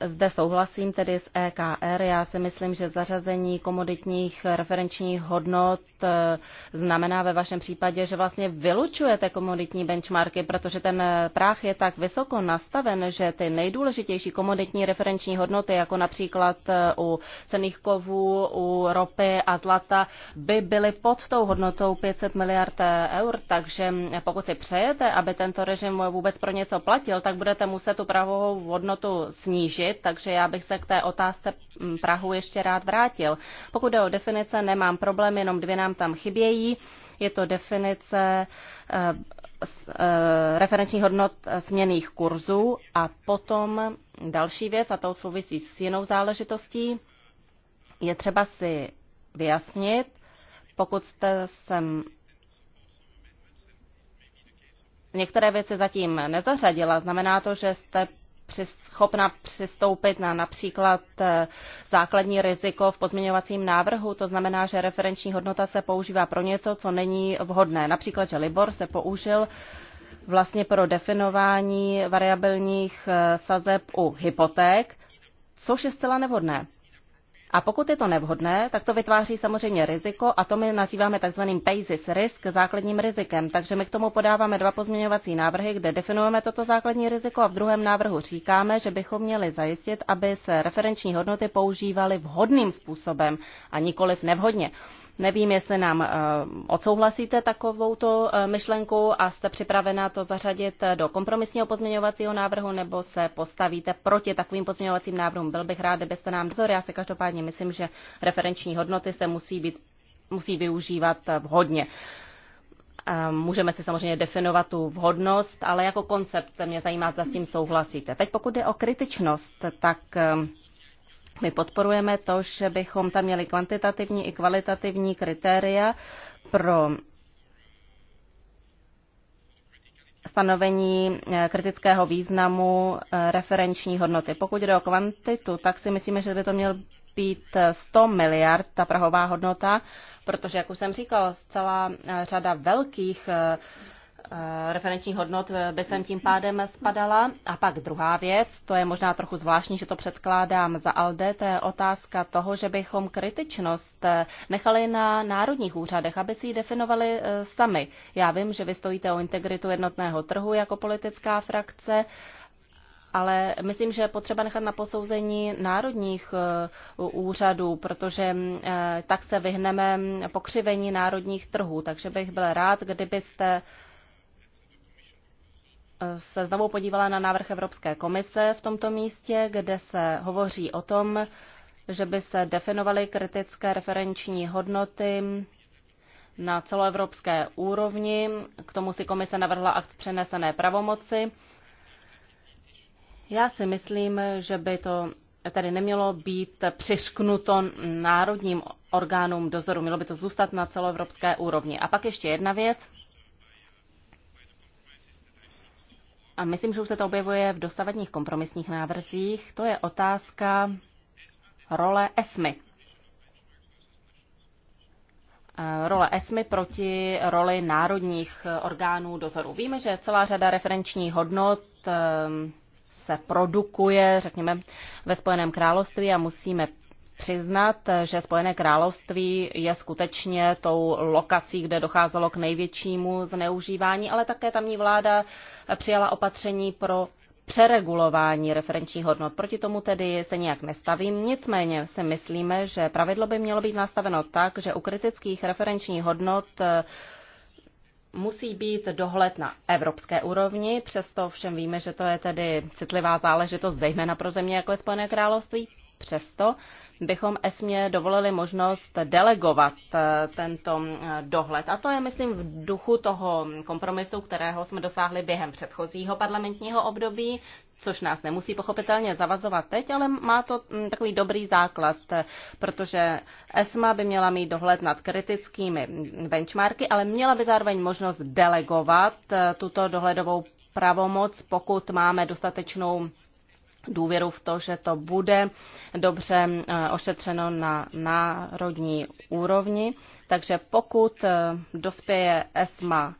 zde souhlasím tedy s EKR. Já si myslím, že zařazení komoditních referenčních hodnot e, znamená ve vašem případě, že vlastně vylučujete komoditní benchmarky, protože ten práh je tak vysoko nastaven, že ty nejdůležitější komoditní referenční hodnoty, jako například e, u cených kovů, u ropy a zlata, by byly pod tou hodnotou 500 miliard eur. Takže pokud si přejete, aby tento režim vůbec pro něco platil, tak budete muset tu pravou hodnotu snížit řešit, takže já bych se k té otázce mm, Prahu ještě rád vrátil. Pokud jde o definice, nemám problém, jenom dvě nám tam chybějí. Je to definice eh, eh, referenční hodnot eh, směných kurzů a potom další věc, a to souvisí s jinou záležitostí, je třeba si vyjasnit, pokud jste sem některé věci zatím nezařadila, znamená to, že jste schopna přistoupit na například eh, základní riziko v pozměňovacím návrhu. To znamená, že referenční hodnota se používá pro něco, co není vhodné. Například, že Libor se použil vlastně pro definování variabilních eh, sazeb u hypoték, což je zcela nevhodné. A pokud je to nevhodné, tak to vytváří samozřejmě riziko a to my nazýváme takzvaným basis risk, základním rizikem. Takže my k tomu podáváme dva pozměňovací návrhy, kde definujeme toto základní riziko a v druhém návrhu říkáme, že bychom měli zajistit, aby se referenční hodnoty používaly vhodným způsobem a nikoliv nevhodně. Nevím, jestli nám eh, odsouhlasíte takovouto eh, myšlenku a jste připravena to zařadit eh, do kompromisního pozměňovacího návrhu nebo se postavíte proti takovým pozměňovacím návrhům. Byl bych rád, kdybyste nám vzor. Já se každopádně myslím, že referenční hodnoty se musí, být, musí využívat vhodně. Můžeme si samozřejmě definovat tu vhodnost, ale jako koncept se mě zajímá, zda s tím souhlasíte. Teď pokud jde o kritičnost, tak my podporujeme to, že bychom tam měli kvantitativní i kvalitativní kritéria pro stanovení eh, kritického významu eh, referenční hodnoty. Pokud jde o kvantitu, tak si myslíme, že by to měl být 100 eh, miliard, ta prahová hodnota, protože, jak už jsem říkal, celá řada velkých Eh, referenční hodnot eh, by sem tím pádem spadala. A pak druhá věc, to je možná trochu zvláštní, že to předkládám za ALDE, to je otázka toho, že bychom kritičnost eh, nechali na národních úřadech, aby si ji definovali sami. Já vím, že vy stojíte o integritu jednotného trhu jako politická frakce, ale myslím, že je potřeba nechat na posouzení národních úřadů, protože tak se vyhneme pokřivení národních trhů. Takže bych byl rád, kdybyste se znovu podívala na návrh Evropské komise v tomto místě, kde se hovoří o tom, že by se definovaly kritické referenční hodnoty na celoevropské úrovni. K tomu si komise navrhla akt přenesené pravomoci. Já si myslím, že by to tedy nemělo být přišknuto národním orgánům dozoru. Mělo by to zůstat na celoevropské úrovni. A pak ještě jedna věc. a myslím, že už se to objevuje v dosavadních kompromisních návrzích, to je otázka role ESMY. Role ESMY proti roli národních orgánů dozoru. Víme, že celá řada referenčních hodnot ehm, se produkuje, řekněme, ve Spojeném království a musíme přiznat, že Spojené království je skutečně tou lokací, kde docházelo k největšímu zneužívání, ale také tamní vláda přijala opatření pro přeregulování referenčních hodnot. Proti tomu tedy se nijak nestavím, nicméně si myslíme, že pravidlo by mělo být nastaveno tak, že u kritických referenčních hodnot eh, musí být dohled na evropské úrovni, přesto všem víme, že to je tedy citlivá záležitost, zejména pro země jako je Spojené království. Přesto bychom ESMě dovolili možnost delegovat eh, tento eh, dohled. A to je, myslím, v duchu toho kompromisu, kterého jsme dosáhli během předchozího parlamentního období, což nás nemusí pochopitelně zavazovat teď, ale má to mm, takový dobrý základ, eh, protože ESMA by měla mít dohled nad kritickými mm, benchmarky, ale měla by zároveň možnost delegovat tuto dohledovou pravomoc, pokud máme dostatečnou důvěru v to, že to bude dobře eh, ošetřeno na národní úrovni. Takže pokud eh, dospěje ESMA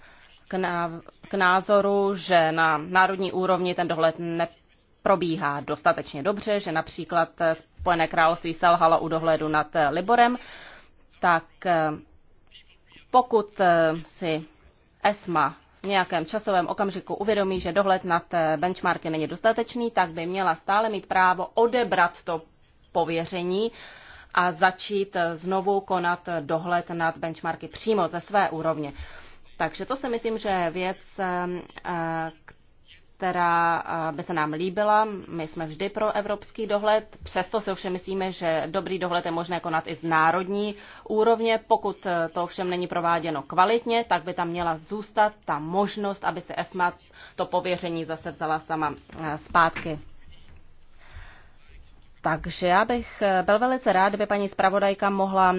k názoru, že na národní úrovni ten dohled neprobíhá dostatečně dobře, že například eh, Spojené království selhalo u dohledu nad Liborem, tak pokud si ESMA nějakém časovém okamžiku uvědomí, že dohled nad eh, benchmarky není dostatečný, tak by měla stále mít právo odebrat to pověření a začít eh, znovu konat eh, dohled nad benchmarky přímo ze své úrovně. Takže to si myslím, že je věc, která eh, by se nám líbila. My jsme vždy pro evropský dohled, přesto si ovšem myslíme, že dobrý dohled je možné konat i z národní úrovně. Pokud eh, to ovšem není prováděno kvalitně, tak by tam měla zůstat ta možnost, aby se ESMA to pověření zase vzala sama eh, zpátky. Takže já bych byl velice rád, kdyby paní zpravodajka mohla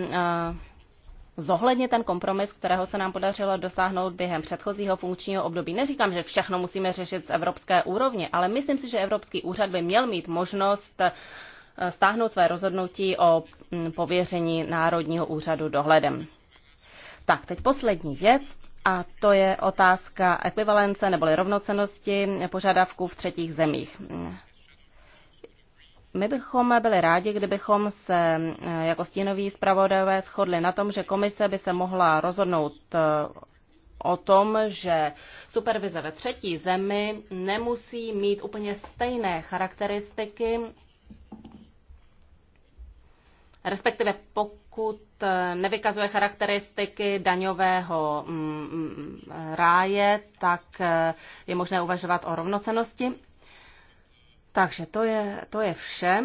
zohlednit ten kompromis, kterého se nám podařilo dosáhnout během předchozího funkčního období. Neříkám, že všechno musíme řešit z evropské úrovně, ale myslím si, že Evropský úřad by měl mít možnost eh, stáhnout své rozhodnutí o mm, pověření Národního úřadu dohledem. Tak, teď poslední věc. A to je otázka ekvivalence neboli rovnocenosti požadavků v třetích zemích. My bychom byli rádi, kdybychom se eh, jako stínoví zpravodajové shodli na tom, že komise by se mohla rozhodnout eh, o tom, že supervize ve třetí zemi nemusí mít úplně stejné charakteristiky, respektive pokud eh, nevykazuje charakteristiky daňového mm, mm, mm, ráje, tak je možné uvažovat o rovnocenosti takže to je, to je vše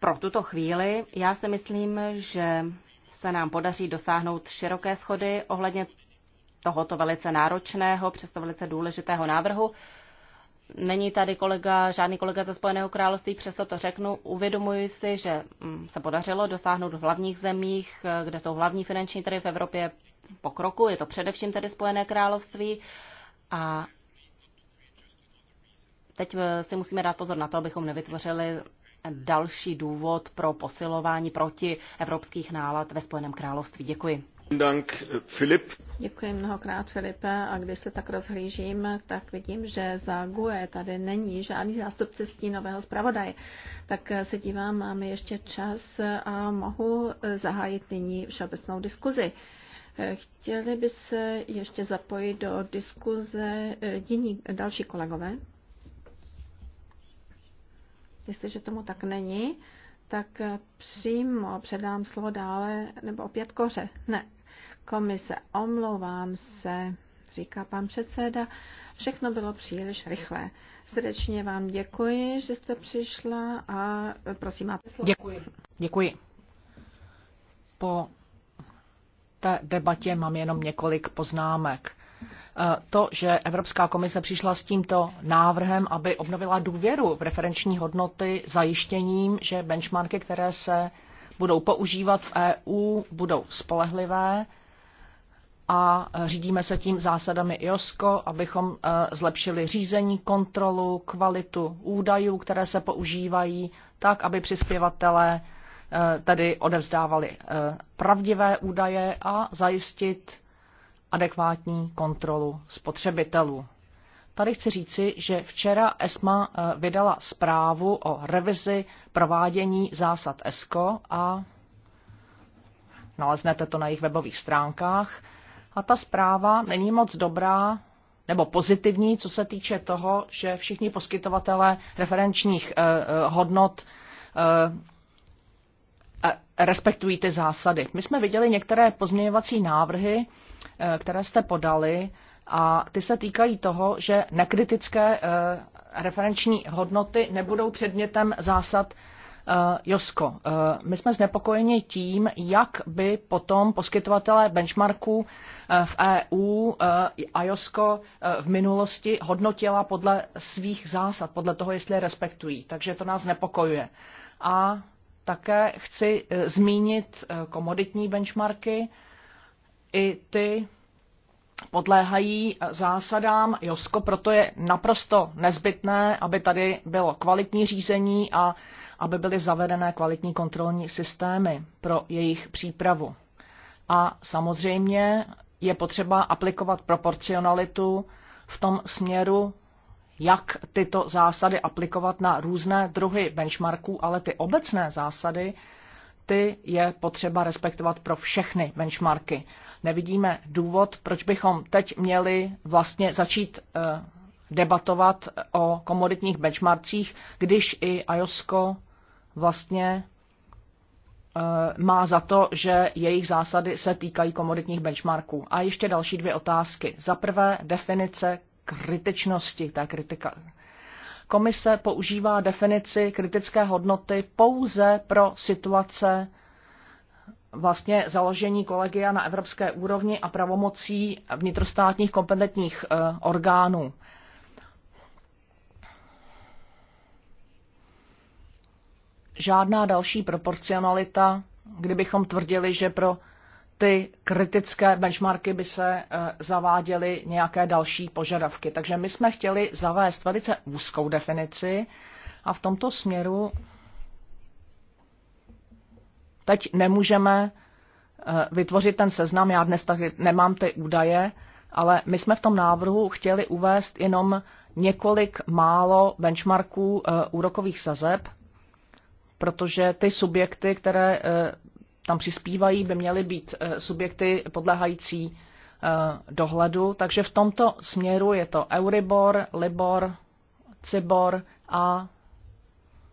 pro tuto chvíli. Já si myslím, že se nám podaří dosáhnout široké schody ohledně tohoto velice náročného, přesto velice důležitého návrhu. Není tady kolega, žádný kolega ze Spojeného království, přesto to řeknu. Uvědomuji si, že mm, se podařilo dosáhnout v hlavních zemích, eh, kde jsou hlavní finanční trhy v Evropě pokroku. Je to především tedy Spojené království. A Teď eh, si musíme dát pozor na to, abychom nevytvořili další důvod pro posilování proti evropských nálad ve Spojeném království. Děkuji. Dank, Filip. Děkuji mnohokrát, Filipe. A když se tak rozhlížím, tak vidím, že za GUE tady není žádný zástupce stínového zpravodaje. Tak eh, se dívám, máme ještě čas a mohu eh, zahájit nyní všeobecnou diskuzi. Chtěli by se ještě zapojit do diskuze jiní další kolegové? Jestliže tomu tak není, tak eh, přímo předám slovo dále, nebo opět koře. Ne, komise, omlouvám se, říká pan předseda. Všechno bylo příliš rychlé. Srdečně vám děkuji, že jste přišla a eh, prosím, máte slovo. Děkuji. Děkuji. Po té debatě mám jenom několik poznámek. Eh, to, že Evropská komise přišla s tímto návrhem, aby obnovila důvěru v referenční hodnoty zajištěním, že benchmarky, které se budou používat v EU, budou spolehlivé a eh, řídíme se tím zásadami IOSCO, abychom eh, zlepšili řízení, kontrolu, kvalitu údajů, které se používají, tak, aby přispěvatelé tedy odevzdávali pravdivé údaje a zajistit adekvátní kontrolu spotřebitelů. Tady chci říci, že včera ESMA eh, vydala zprávu o revizi provádění zásad ESCO a naleznete to na jejich webových stránkách. A ta zpráva není moc dobrá nebo pozitivní, co se týče toho, že všichni poskytovatelé referenčních eh, eh, hodnot respektují ty zásady. My jsme viděli některé pozměňovací návrhy, Eh, které jste podali a ty se týkají toho, že nekritické eh, referenční hodnoty nebudou předmětem zásad eh, Josko, my jsme znepokojeni tím, jak by potom poskytovatelé benchmarků v EU a Josko v minulosti hodnotila podle svých zásad, podle toho, jestli je respektují. Takže to nás znepokojuje. A také chci zmínit komoditní benchmarky, i ty podléhají zásadám Josko, proto je naprosto nezbytné, aby tady bylo kvalitní řízení a aby byly zavedené kvalitní kontrolní systémy pro jejich přípravu. A samozřejmě je potřeba aplikovat proporcionalitu v tom směru, jak tyto zásady aplikovat na různé druhy benchmarků, ale ty obecné zásady ty je potřeba respektovat pro všechny benchmarky. Nevidíme důvod, proč bychom teď měli vlastně začít eh, debatovat o komoditních benchmarkcích, když i IOSCO vlastně eh, má za to, že jejich zásady se týkají komoditních benchmarků. A ještě další dvě otázky. Za prvé definice kritičnosti, té kritika, Komise používá definici kritické hodnoty pouze pro situace vlastně založení kolegia na evropské úrovni a pravomocí vnitrostátních kompetentních eh, orgánů. Žádná další proporcionalita, kdybychom tvrdili, že pro ty kritické benchmarky by se eh, zaváděly nějaké další požadavky. Takže my jsme chtěli zavést velice úzkou definici a v tomto směru teď nemůžeme eh, vytvořit ten seznam. Já dnes taky nemám ty údaje, ale my jsme v tom návrhu chtěli uvést jenom několik málo benchmarků eh, úrokových sazeb, protože ty subjekty, které tam přispívají, by měly být eh, subjekty podléhající eh, dohledu. Takže v tomto směru je to Euribor, Libor, Cibor a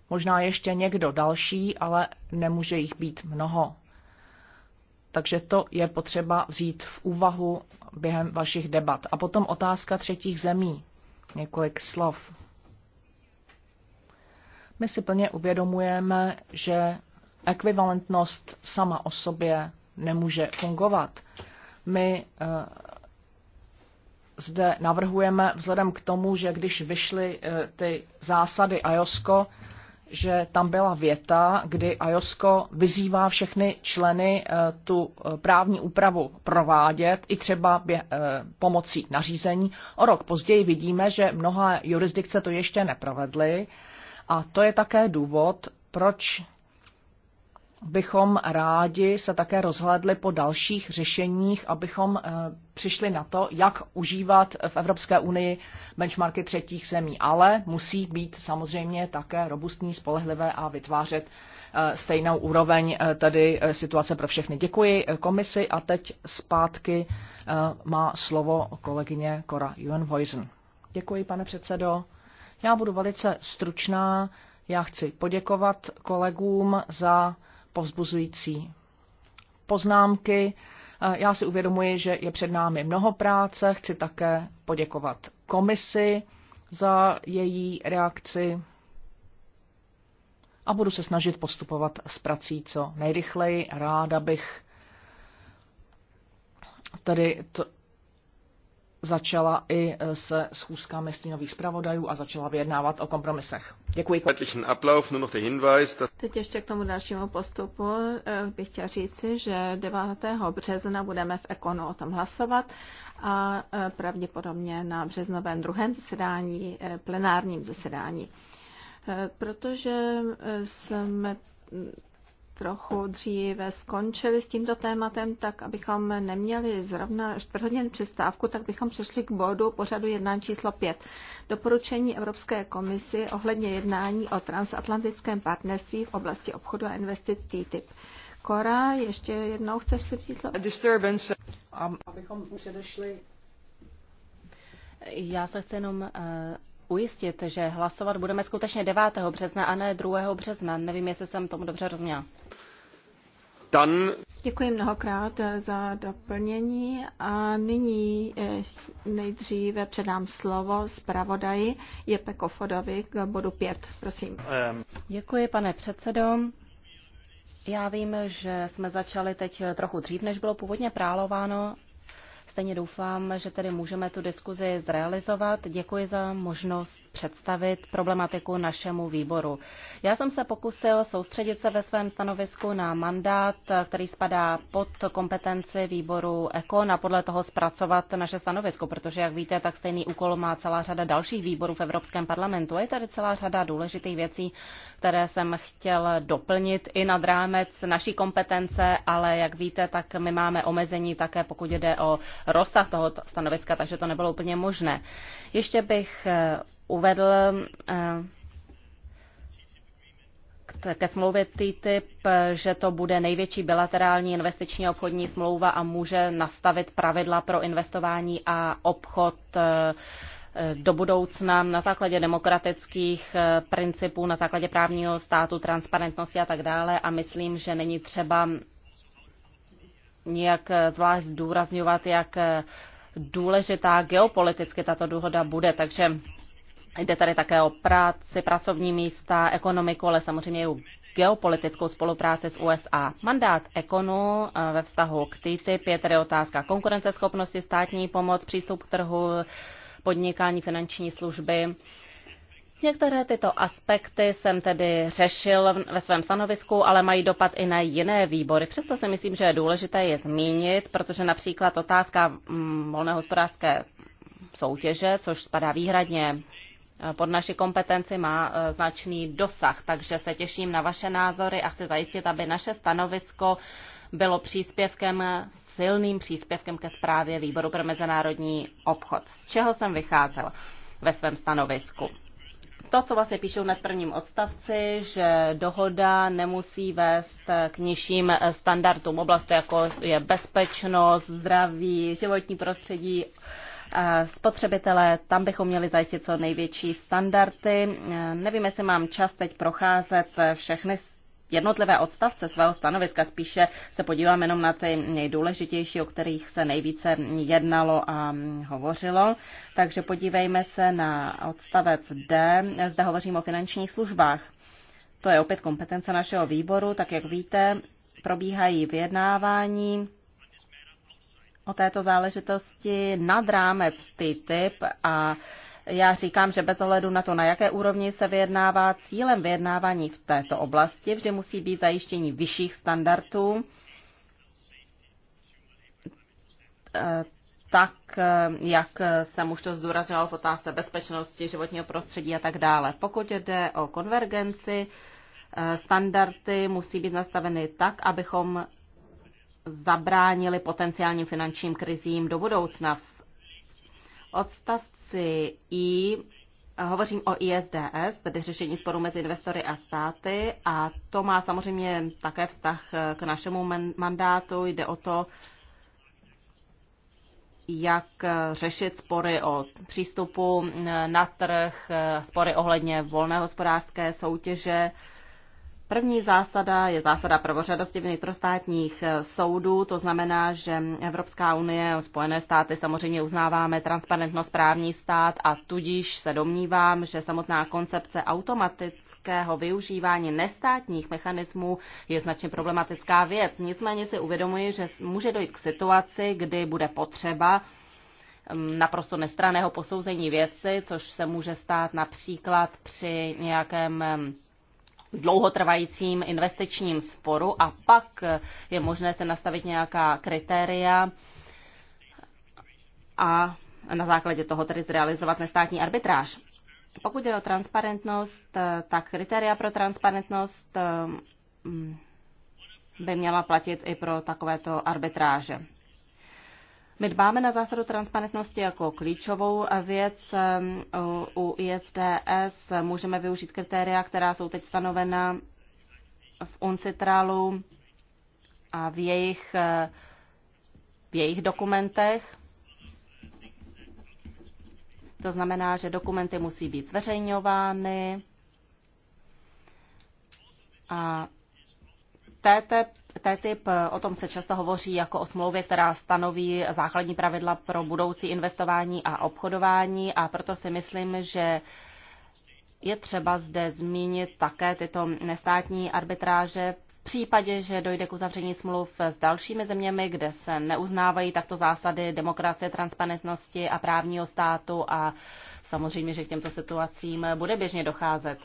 možná ještě někdo další, ale nemůže jich být mnoho. Takže to je potřeba vzít v úvahu během vašich debat. A potom otázka třetích zemí. Několik slov. My si plně uvědomujeme, že ekvivalentnost sama o sobě nemůže fungovat. My eh, zde navrhujeme vzhledem k tomu, že když vyšly eh, ty zásady IOSCO, že tam byla věta, kdy IOSCO vyzývá všechny členy eh, tu právní úpravu provádět, i třeba pomocí nařízení. O rok později vidíme, že mnoha jurisdikce to ještě neprovedly a to je také důvod, proč bychom rádi se také rozhledli po dalších řešeních, abychom eh, přišli na to, jak užívat v Evropské unii benchmarky třetích zemí. Ale musí být samozřejmě také robustní, spolehlivé a vytvářet eh, stejnou úroveň eh, tedy situace pro všechny. Děkuji komisi a teď zpátky má slovo kolegyně Cora Juenhuizen. Děkuji, pane předsedo. Já budu velice stručná. Já chci poděkovat kolegům za povzbuzující poznámky. Eh, já si uvědomuji, že je před námi mnoho práce. Chci také poděkovat komisi za její reakci a budu se snažit postupovat s prací co nejrychleji. Ráda bych tedy to, začala i eh, se schůzkami stínových zpravodajů a začala vyjednávat o kompromisech. Děkuji. Teď ještě k tomu dalšímu postupu eh, bych chtěla říci, že 9. března budeme v Ekonu o tom hlasovat a eh, pravděpodobně na březnovém druhém zasedání, plenárním zasedání. Protože jsme trochu dříve skončili s tímto tématem, tak abychom neměli zrovna čtvrthodin přestávku, tak bychom přešli k bodu pořadu jednání číslo 5. Doporučení Evropské komisi ohledně jednání o transatlantickém partnerství v oblasti obchodu a investic TTIP. Kora, ještě jednou chceš si říct slovo? Disturbance. Abychom předešli. Já se chci jenom uh ujistit, že hlasovat budeme skutečně 9. března a ne 2. března. Nevím, jestli jsem tomu dobře rozuměla. Děkuji mnohokrát za doplnění a nyní eh, nejdříve předám slovo zpravodaji Jepe Kofodovi k bodu 5. Prosím. Ehm. Děkuji, pane předsedo. Já vím, že jsme začali teď trochu dřív, než bylo původně prálováno, Stejně doufám, že tedy můžeme tu diskuzi zrealizovat. Děkuji za možnost představit problematiku našemu výboru. Já jsem se pokusil soustředit se ve svém stanovisku na mandát, který spadá pod kompetenci výboru ECO a podle toho zpracovat naše stanovisko, protože, jak víte, tak stejný úkol má celá řada dalších výborů v Evropském parlamentu. Je tady celá řada důležitých věcí, které jsem chtěl doplnit i nad rámec naší kompetence, ale jak víte, tak my máme omezení také, pokud jde o rozsah toho stanoviska, takže to nebylo úplně možné. Ještě bych eh, uvedl eh, ke smlouvě TTIP, že to bude největší bilaterální investiční obchodní smlouva a může nastavit pravidla pro investování a obchod eh, do budoucna na základě demokratických principů, na základě právního státu, transparentnosti a tak dále. A myslím, že není třeba nějak eh, zvlášť zdůrazňovat, jak eh, důležitá geopoliticky tato dohoda bude. Takže jde tady také o práci, pracovní místa, ekonomiku, ale samozřejmě i geopolitickou spolupráci s USA. Mandát Ekonu eh, ve vztahu k TTIP je tedy otázka konkurenceschopnosti, státní pomoc, přístup k trhu, podnikání finanční služby Některé tyto aspekty jsem tedy řešil ve svém stanovisku, ale mají dopad i na jiné výbory. Přesto si myslím, že je důležité je zmínit, protože například otázka mm, volné hospodářské soutěže, což spadá výhradně e, pod naši kompetenci, má e, značný dosah. Takže se těším na vaše názory a chci zajistit, aby naše stanovisko bylo příspěvkem, silným příspěvkem ke zprávě Výboru pro mezinárodní obchod. Z čeho jsem vycházel ve svém stanovisku? to, co vlastně píšou na prvním odstavci, že dohoda nemusí vést k nižším standardům oblasti, jako je bezpečnost, zdraví, životní prostředí, spotřebitelé, tam bychom měli zajistit co největší standardy. Nevím, jestli mám čas teď procházet všechny jednotlivé odstavce svého stanoviska, spíše se podíváme jenom na ty nejdůležitější, o kterých se nejvíce jednalo a hovořilo. Takže podívejme se na odstavec D. Zde hovořím o finančních službách. To je opět kompetence našeho výboru, tak jak víte, probíhají vyjednávání o této záležitosti nad rámec TTIP a já říkám, že bez ohledu na to, na jaké úrovni se vyjednává, cílem vyjednávání v této oblasti vždy musí být zajištění vyšších standardů, eh, tak, eh, jak jsem už to zdůrazňoval v otázce bezpečnosti, životního prostředí a tak dále. Pokud jde o konvergenci, eh, standardy musí být nastaveny tak, abychom zabránili potenciálním finančním krizím do budoucna odstavci I Hovořím o ISDS, tedy řešení sporu mezi investory a státy, a to má samozřejmě také vztah k našemu mandátu. Jde o to, jak řešit spory o přístupu na trh, spory ohledně volné hospodářské soutěže. První zásada je zásada prvořadosti vnitrostátních eh, soudů, to znamená, že Evropská unie, Spojené státy samozřejmě uznáváme transparentnost právní stát a tudíž se domnívám, že samotná koncepce automatického využívání nestátních mechanismů je značně problematická věc. Nicméně si uvědomuji, že může dojít k situaci, kdy bude potřeba mm, naprosto nestraného posouzení věci, což se může stát například při nějakém mm, v dlouhotrvajícím investičním sporu a pak je možné se nastavit nějaká kritéria a na základě toho tedy zrealizovat nestátní arbitráž. Pokud je o transparentnost, tak kritéria pro transparentnost mm, by měla platit i pro takovéto arbitráže. My dbáme na zásadu transparentnosti jako klíčovou věc. Um, u ISDS můžeme využít kritéria, která jsou teď stanovena v UNCITRALu a v jejich, eh, v jejich dokumentech. To znamená, že dokumenty musí být zveřejňovány a TTP TTIP, eh, o tom se často hovoří jako o smlouvě, která stanoví základní pravidla pro budoucí investování a obchodování a proto si myslím, že je třeba zde zmínit také tyto nestátní arbitráže v případě, že dojde k uzavření smluv s dalšími zeměmi, kde se neuznávají takto zásady demokracie, transparentnosti a právního státu a samozřejmě, že k těmto situacím bude běžně docházet.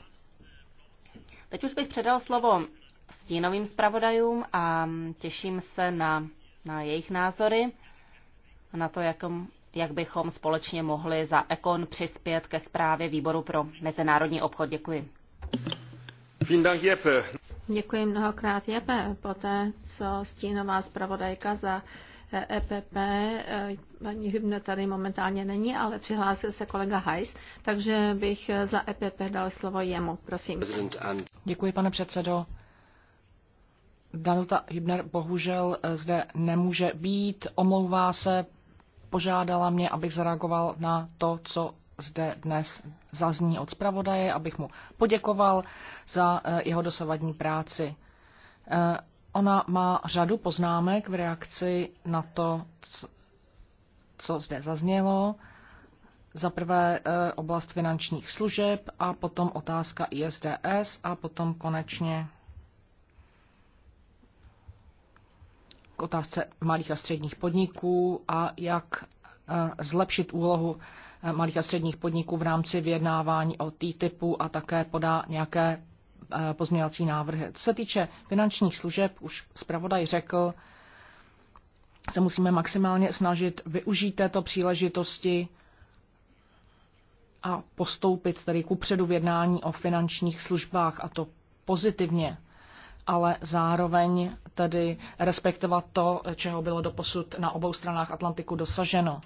Teď už bych předal slovo stínovým zpravodajům a těším se na, na jejich názory a na to, jakom, jak bychom společně mohli za Ekon přispět ke zprávě výboru pro mezinárodní obchod. Děkuji. Děkuji mnohokrát, Jepe. Poté, co stínová zpravodajka za EPP, eh, paní Hybne tady momentálně není, ale přihlásil se kolega Heis, takže bych za EPP dal slovo jemu. Prosím. Děkuji, pane předsedo. Danuta Hibner bohužel eh, zde nemůže být, omlouvá se, požádala mě, abych zareagoval na to, co zde dnes zazní od zpravodaje, abych mu poděkoval za eh, jeho dosavadní práci. Eh, ona má řadu poznámek v reakci na to, co zde zaznělo. Za prvé oblast finančních služeb a potom otázka ISDS a potom konečně k otázce malých a středních podniků a jak eh, zlepšit úlohu eh, malých a středních podniků v rámci vyjednávání o typu a také podá nějaké eh, pozměňovací návrhy. Co se týče finančních služeb, už zpravodaj řekl, se musíme maximálně snažit využít této příležitosti a postoupit tedy ku předu v jednání o finančních službách a to pozitivně ale zároveň tedy respektovat to, čeho bylo doposud na obou stranách Atlantiku dosaženo.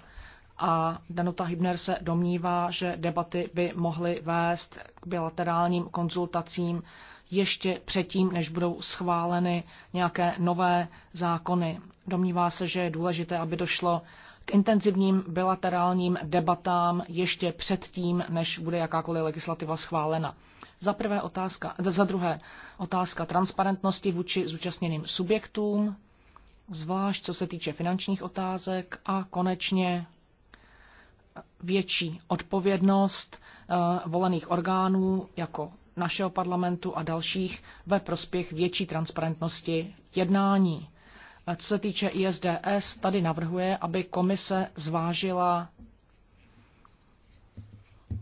A Danuta Hibner se domnívá, že debaty by mohly vést k bilaterálním konzultacím ještě předtím, než budou schváleny nějaké nové zákony. Domnívá se, že je důležité, aby došlo k intenzivním bilaterálním debatám ještě předtím, než bude jakákoliv legislativa schválena. Za, prvé otázka, za druhé otázka transparentnosti vůči zúčastněným subjektům, zvlášť co se týče finančních otázek a konečně větší odpovědnost eh, volených orgánů jako našeho parlamentu a dalších ve prospěch větší transparentnosti jednání. Co se týče ISDS, tady navrhuje, aby komise zvážila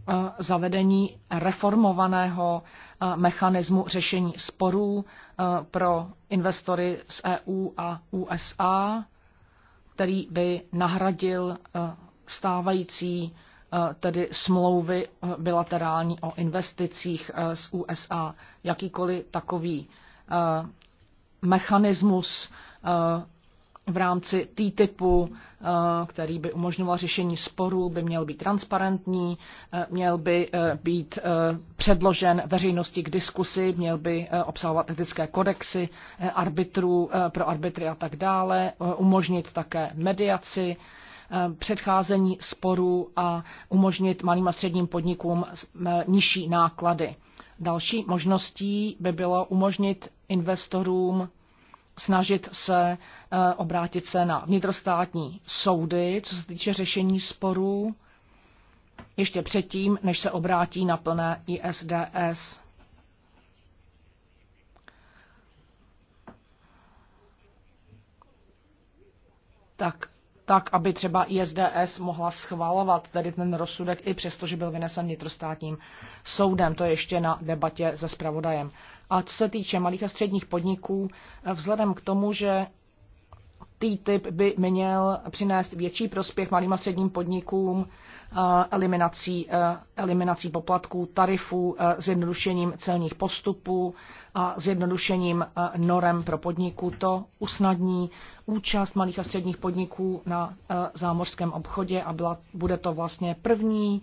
eh, zavedení reformovaného eh, mechanismu řešení sporů eh, pro investory z EU a USA, který by nahradil stávající tedy smlouvy bilaterální o investicích z USA. Jakýkoliv takový mechanismus v rámci T-typu, eh, který by umožňoval řešení sporů, by měl být transparentní, eh, měl by eh, být předložen veřejnosti k diskusi, měl by obsahovat etické kodexy arbitrů pro arbitry a tak dále, umožnit také mediaci, předcházení sporů a umožnit malým a středním podnikům nižší náklady. Další možností by bylo umožnit investorům snažit se eh, obrátit se na vnitrostátní soudy, co se týče řešení sporů, ještě předtím, než se obrátí na plné ISDS. Tak tak, aby třeba ISDS mohla schvalovat tedy ten rozsudek, i přesto, že byl vynesen vnitrostátním soudem. To je ještě na debatě se spravodajem. A co se týče malých a středních podniků, vzhledem k tomu, že TTIP by měl přinést větší prospěch malým a středním podnikům, eliminací, e, eliminací poplatků, tarifů, e, zjednodušením celních postupů a zjednodušením e, norem pro podniků. To usnadní účast malých a středních podniků na zámořském obchodě a byla, bude to vlastně první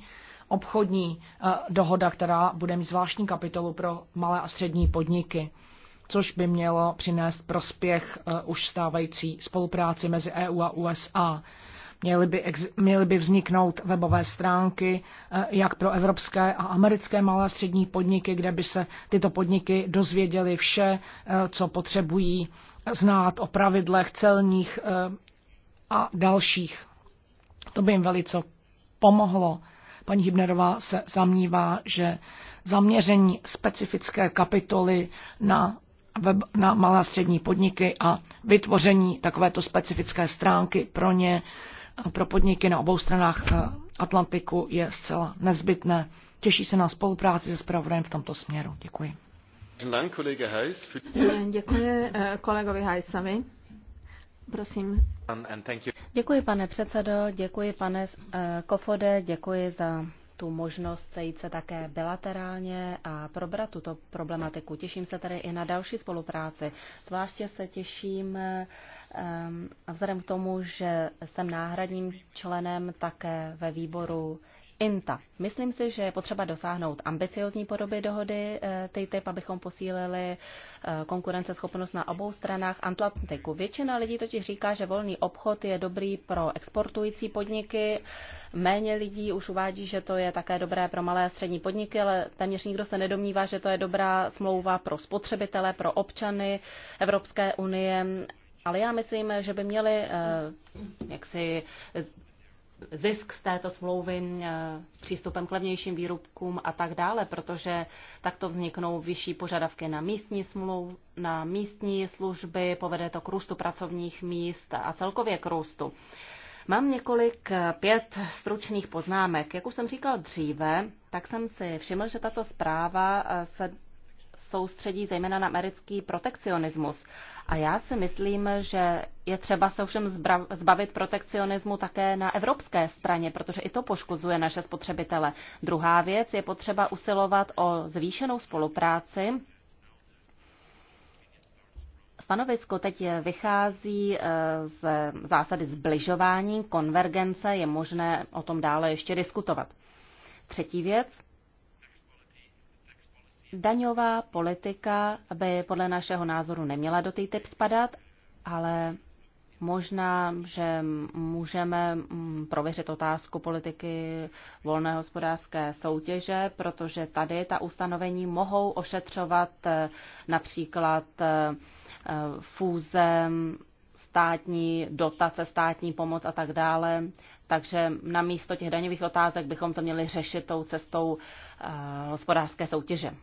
obchodní dohoda, která bude mít zvláštní kapitolu pro malé a střední podniky což by mělo přinést prospěch už stávající spolupráci mezi EU a USA. Měly by, ex, měly by vzniknout webové stránky eh, jak pro evropské a americké malé a střední podniky, kde by se tyto podniky dozvěděly vše, eh, co potřebují znát o pravidlech celních eh, a dalších. To by jim velice pomohlo. Paní Hibnerová se zamnívá, že zaměření specifické kapitoly na, web, na malé a střední podniky a vytvoření takovéto specifické stránky pro ně pro podniky na obou stranách eh, Atlantiku je zcela nezbytné. Těší se na spolupráci se spravodajem v tomto směru. Děkuji. Děkuji eh, kolegovi Hajsovi. Prosím. Děkuji, pane předsedo, děkuji, pane eh, Kofode, děkuji za tu možnost sejít se také bilaterálně a probrat tuto problematiku. Těším se tedy i na další spolupráci. Zvláště se těším um, vzhledem k tomu, že jsem náhradním členem také ve výboru INTA. Myslím si, že je potřeba dosáhnout ambiciozní podoby dohody eh, TTIP, abychom posílili eh, konkurenceschopnost na obou stranách Atlantiku. Většina lidí totiž říká, že volný obchod je dobrý pro exportující podniky. Méně lidí už uvádí, že to je také dobré pro malé a střední podniky, ale téměř nikdo se nedomnívá, že to je dobrá smlouva pro spotřebitele, pro občany Evropské unie. Ale já myslím, že by měli eh, jaksi zisk z této smlouvy eh, přístupem k levnějším výrobkům a tak dále, protože takto vzniknou vyšší požadavky na místní, smlouv, na místní služby, povede to k růstu pracovních míst a celkově k růstu. Mám několik eh, pět stručných poznámek. Jak už jsem říkal dříve, tak jsem si všiml, že tato zpráva eh, se soustředí zejména na americký protekcionismus. A já si myslím, že je třeba se ovšem zbavit protekcionismu také na evropské straně, protože i to poškozuje naše spotřebitele. Druhá věc je potřeba usilovat o zvýšenou spolupráci stanovisko teď vychází eh, z zásady zbližování, konvergence, je možné o tom dále ještě diskutovat. Třetí věc, daňová politika by podle našeho názoru neměla do té typ spadat, ale možná, že můžeme mm, prověřit otázku politiky volné hospodářské soutěže, protože tady ta ustanovení mohou ošetřovat eh, například eh, fúze státní dotace, státní pomoc a tak dále. Takže na místo těch daňových otázek bychom to měli řešit tou cestou eh, hospodářské soutěže.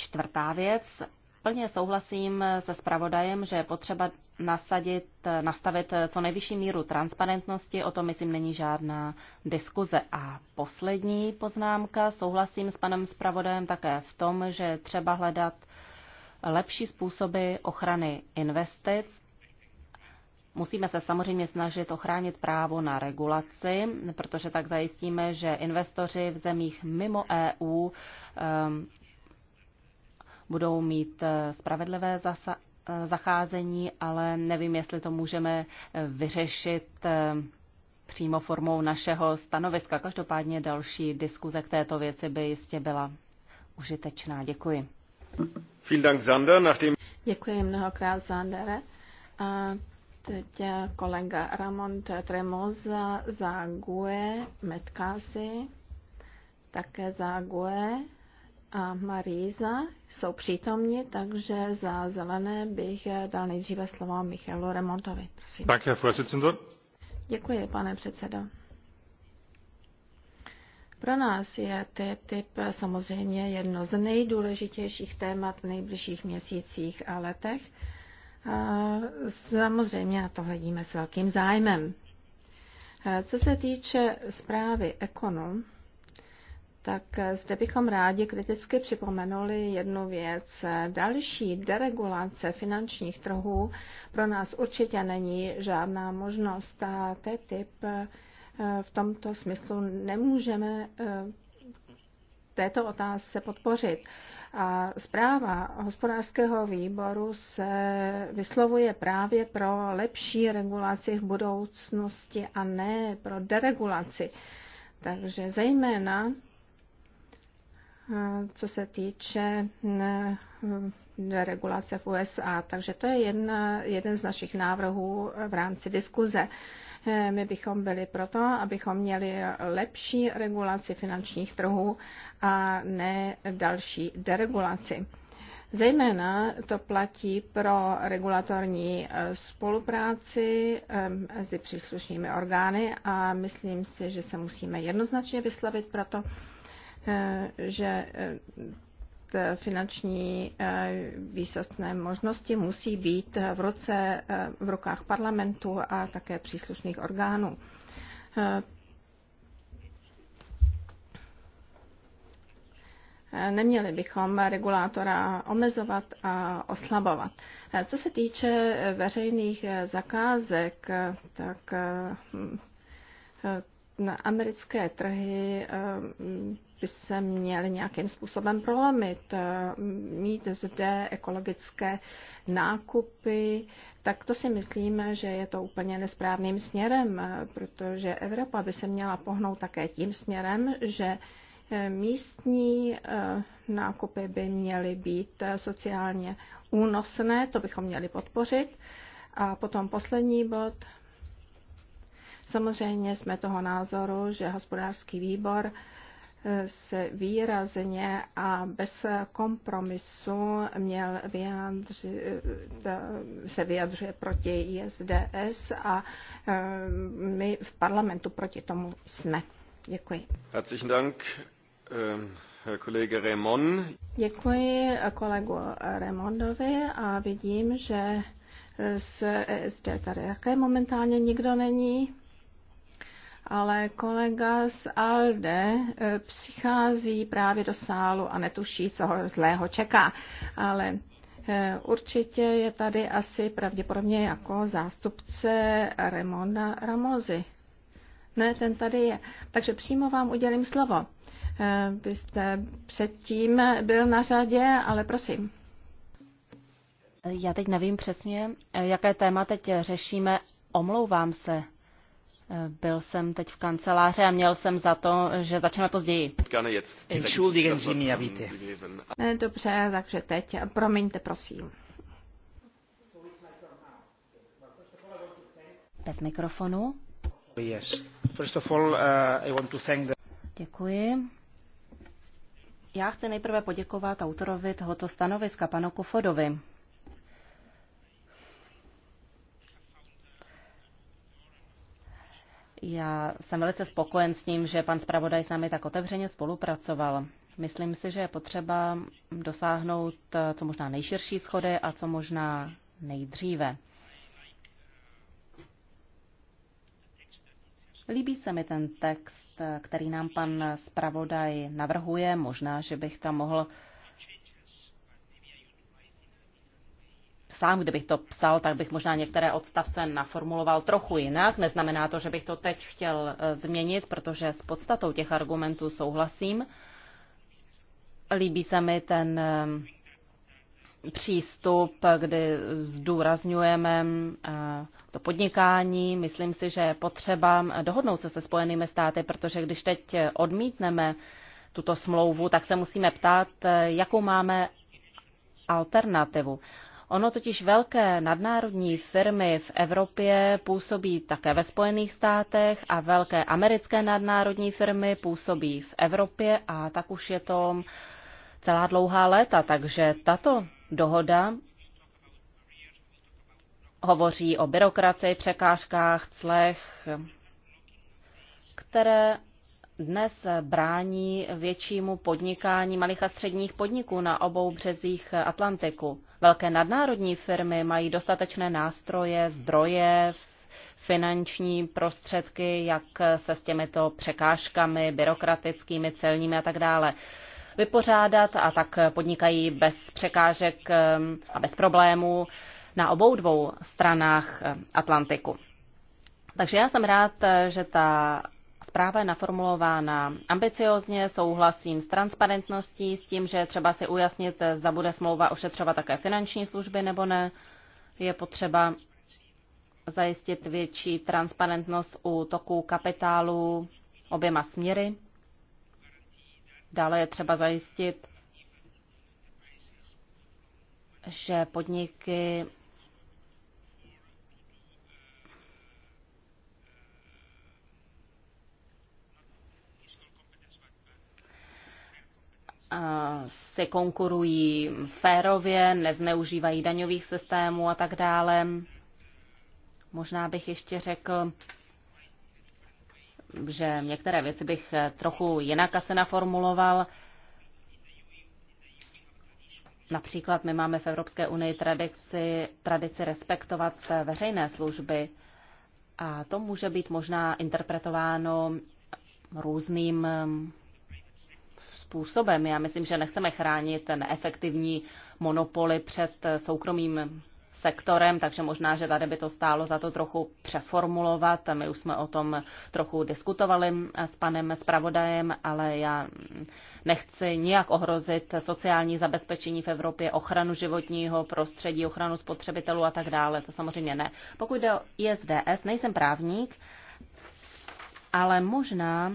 Čtvrtá věc. Plně souhlasím se spravodajem, že je potřeba nasadit, nastavit co nejvyšší míru transparentnosti, o tom myslím není žádná diskuze. A poslední poznámka, souhlasím s panem spravodajem také v tom, že třeba hledat lepší způsoby ochrany investic. Musíme se samozřejmě snažit ochránit právo na regulaci, protože tak zajistíme, že investoři v zemích mimo EU um, ehm, budou mít eh, spravedlivé zasa- eh, zacházení, ale nevím, jestli to můžeme eh, vyřešit přímo formou našeho stanoviska. Každopádně další diskuze k této věci by jistě byla užitečná. Děkuji. Děkuji mnohokrát, Zandere. A teď kolega Ramon Tremoza za GUE Metkasi, také za GUE a Maríza jsou přítomni, takže za zelené bych dal nejdříve slovo Michalu Remontovi. Prosím. Tak, Děkuji, pane předsedo. Pro nás je TTIP samozřejmě jedno z nejdůležitějších témat v nejbližších měsících a letech. Samozřejmě na to hledíme s velkým zájmem. Co se týče zprávy ekonom tak eh, zde bychom rádi kriticky připomenuli jednu věc. Další deregulace finančních trhů pro nás určitě není žádná možnost a TTIP eh, v tomto smyslu nemůžeme eh, této otázce podpořit. A zpráva hospodářského výboru se vyslovuje právě pro lepší regulaci v budoucnosti a ne pro deregulaci. Takže zejména co se týče mm, regulace v USA. Takže to je jedna, jeden z našich návrhů v rámci diskuze. E, my bychom byli proto, abychom měli lepší regulaci finančních trhů a ne další deregulaci. Zejména to platí pro regulatorní e, spolupráci e, mezi příslušnými orgány a myslím si, že se musíme jednoznačně vyslovit proto, Eh, že eh, finanční eh, výsostné možnosti musí být v, roce, v rukách parlamentu a také příslušných orgánů. Neměli bychom regulátora omezovat a oslabovat. Co se týče veřejných zakázek, tak hm, na americké trhy eh, by se měly nějakým způsobem prolomit, eh, mít zde ekologické nákupy, tak to si myslíme, že je to úplně nesprávným směrem, eh, protože Evropa by se měla pohnout také tím směrem, že místní nákupy by měly být sociálně únosné, to bychom měli podpořit. A potom poslední bod, Samozřejmě jsme toho názoru, že hospodářský výbor e, se výrazně a bez kompromisu měl vyjádřit, e, e, se vyjadřuje proti ISDS a my v parlamentu proti tomu jsme. Děkuji. Herzlichen Dank, ähm, Raymond. Děkuji kolegu Raymondovi a vidím, že z ESD tady také momentálně nikdo není ale kolega z ALDE eh, přichází právě do sálu a netuší, co ho zlého čeká. Ale eh, určitě je tady asi pravděpodobně jako zástupce Ramona Ramozy. Ne, ten tady je. Takže přímo vám udělím slovo. Eh, vy jste předtím byl na řadě, ale prosím. Já teď nevím přesně, jaké téma teď řešíme. Omlouvám se. Byl jsem teď v kanceláři a měl jsem za to, že začneme později. Dobře, takže teď. Promiňte, prosím. Bez mikrofonu. Yes. First of all, uh, I want to thank the... Děkuji. Já chci nejprve poděkovat autorovi tohoto stanoviska, panu Kofodovi. Já jsem velice spokojen s tím, že pan zpravodaj s námi tak otevřeně spolupracoval. Myslím si, že je potřeba dosáhnout eh, co možná nejširší schody a co možná nejdříve. Líbí se mi ten text, eh, který nám pan zpravodaj navrhuje. Možná, že bych tam mohl sám, kdybych to psal, tak bych možná některé odstavce naformuloval trochu jinak. Neznamená to, že bych to teď chtěl e, změnit, protože s podstatou těch argumentů souhlasím. Líbí se mi ten e, přístup, kdy zdůrazňujeme e, to podnikání. Myslím si, že je potřeba dohodnout se se Spojenými státy, protože když teď odmítneme tuto smlouvu, tak se musíme ptát, jakou máme alternativu. Ono totiž velké nadnárodní firmy v Evropě působí také ve Spojených státech a velké americké nadnárodní firmy působí v Evropě a tak už je to celá dlouhá léta. Takže tato dohoda hovoří o byrokracii, překážkách, clech, které dnes brání většímu podnikání malých a středních podniků na obou březích Atlantiku. Velké nadnárodní firmy mají dostatečné nástroje, zdroje, finanční prostředky, jak se s těmito překážkami, byrokratickými, celními a tak dále vypořádat a tak podnikají bez překážek ehm, a bez problémů na obou dvou stranách Atlantiku. Takže já jsem rád, že ta zpráva je naformulována ambiciozně, souhlasím s transparentností, s tím, že třeba si ujasnit, zda bude smlouva ošetřovat také finanční služby nebo ne. Je potřeba zajistit větší transparentnost u toku kapitálu oběma směry. Dále je třeba zajistit, že podniky se konkurují férově, nezneužívají daňových systémů a tak dále. Možná bych ještě řekl, že některé věci bych trochu jinak asi naformuloval. Například my máme v Evropské unii tradici, tradici respektovat veřejné služby a to může být možná interpretováno různým způsobem. Já myslím, že nechceme chránit neefektivní monopoly před soukromým sektorem, takže možná, že tady by to stálo za to trochu přeformulovat. My už jsme o tom trochu diskutovali s panem zpravodajem, ale já nechci nijak ohrozit sociální zabezpečení v Evropě, ochranu životního prostředí, ochranu spotřebitelů a tak dále. To samozřejmě ne. Pokud jde o ISDS, nejsem právník, ale možná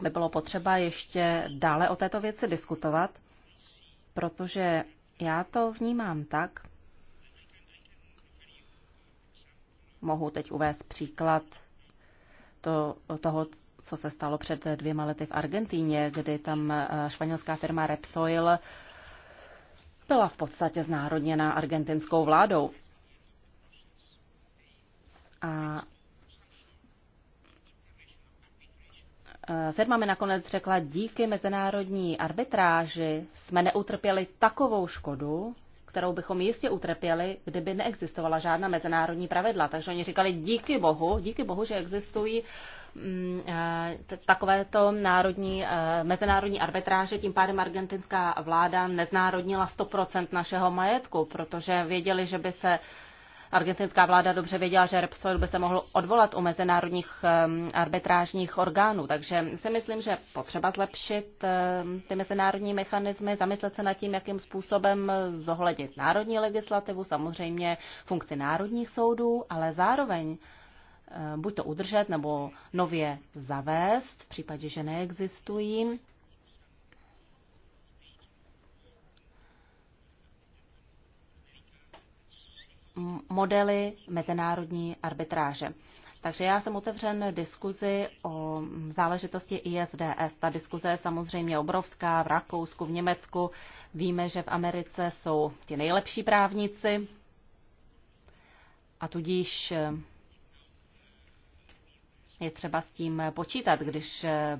by bylo potřeba ještě dále o této věci diskutovat, protože já to vnímám tak, mohu teď uvést příklad to, toho, co se stalo před dvěma lety v Argentíně, kdy tam eh, španělská firma Repsoil byla v podstatě znárodněna argentinskou vládou. A Eh, firma mi nakonec řekla, díky mezinárodní arbitráži jsme neutrpěli takovou škodu, kterou bychom jistě utrpěli, kdyby neexistovala žádná mezinárodní pravidla. Takže oni říkali, díky bohu, díky bohu, že existují mm, eh, takovéto národní, eh, mezinárodní arbitráže, tím pádem argentinská vláda neznárodnila 100% našeho majetku, protože věděli, že by se argentinská vláda dobře věděla, že Repsol by se mohl odvolat u mezinárodních arbitrážních orgánů. Takže si myslím, že potřeba zlepšit ty mezinárodní mechanismy, zamyslet se nad tím, jakým způsobem zohlednit národní legislativu, samozřejmě funkci národních soudů, ale zároveň buď to udržet nebo nově zavést v případě, že neexistují modely mezinárodní arbitráže. Takže já jsem otevřen diskuzi o záležitosti ISDS. Ta diskuze je samozřejmě obrovská v Rakousku, v Německu. Víme, že v Americe jsou ti nejlepší právníci a tudíž eh, je třeba s tím počítat, když eh,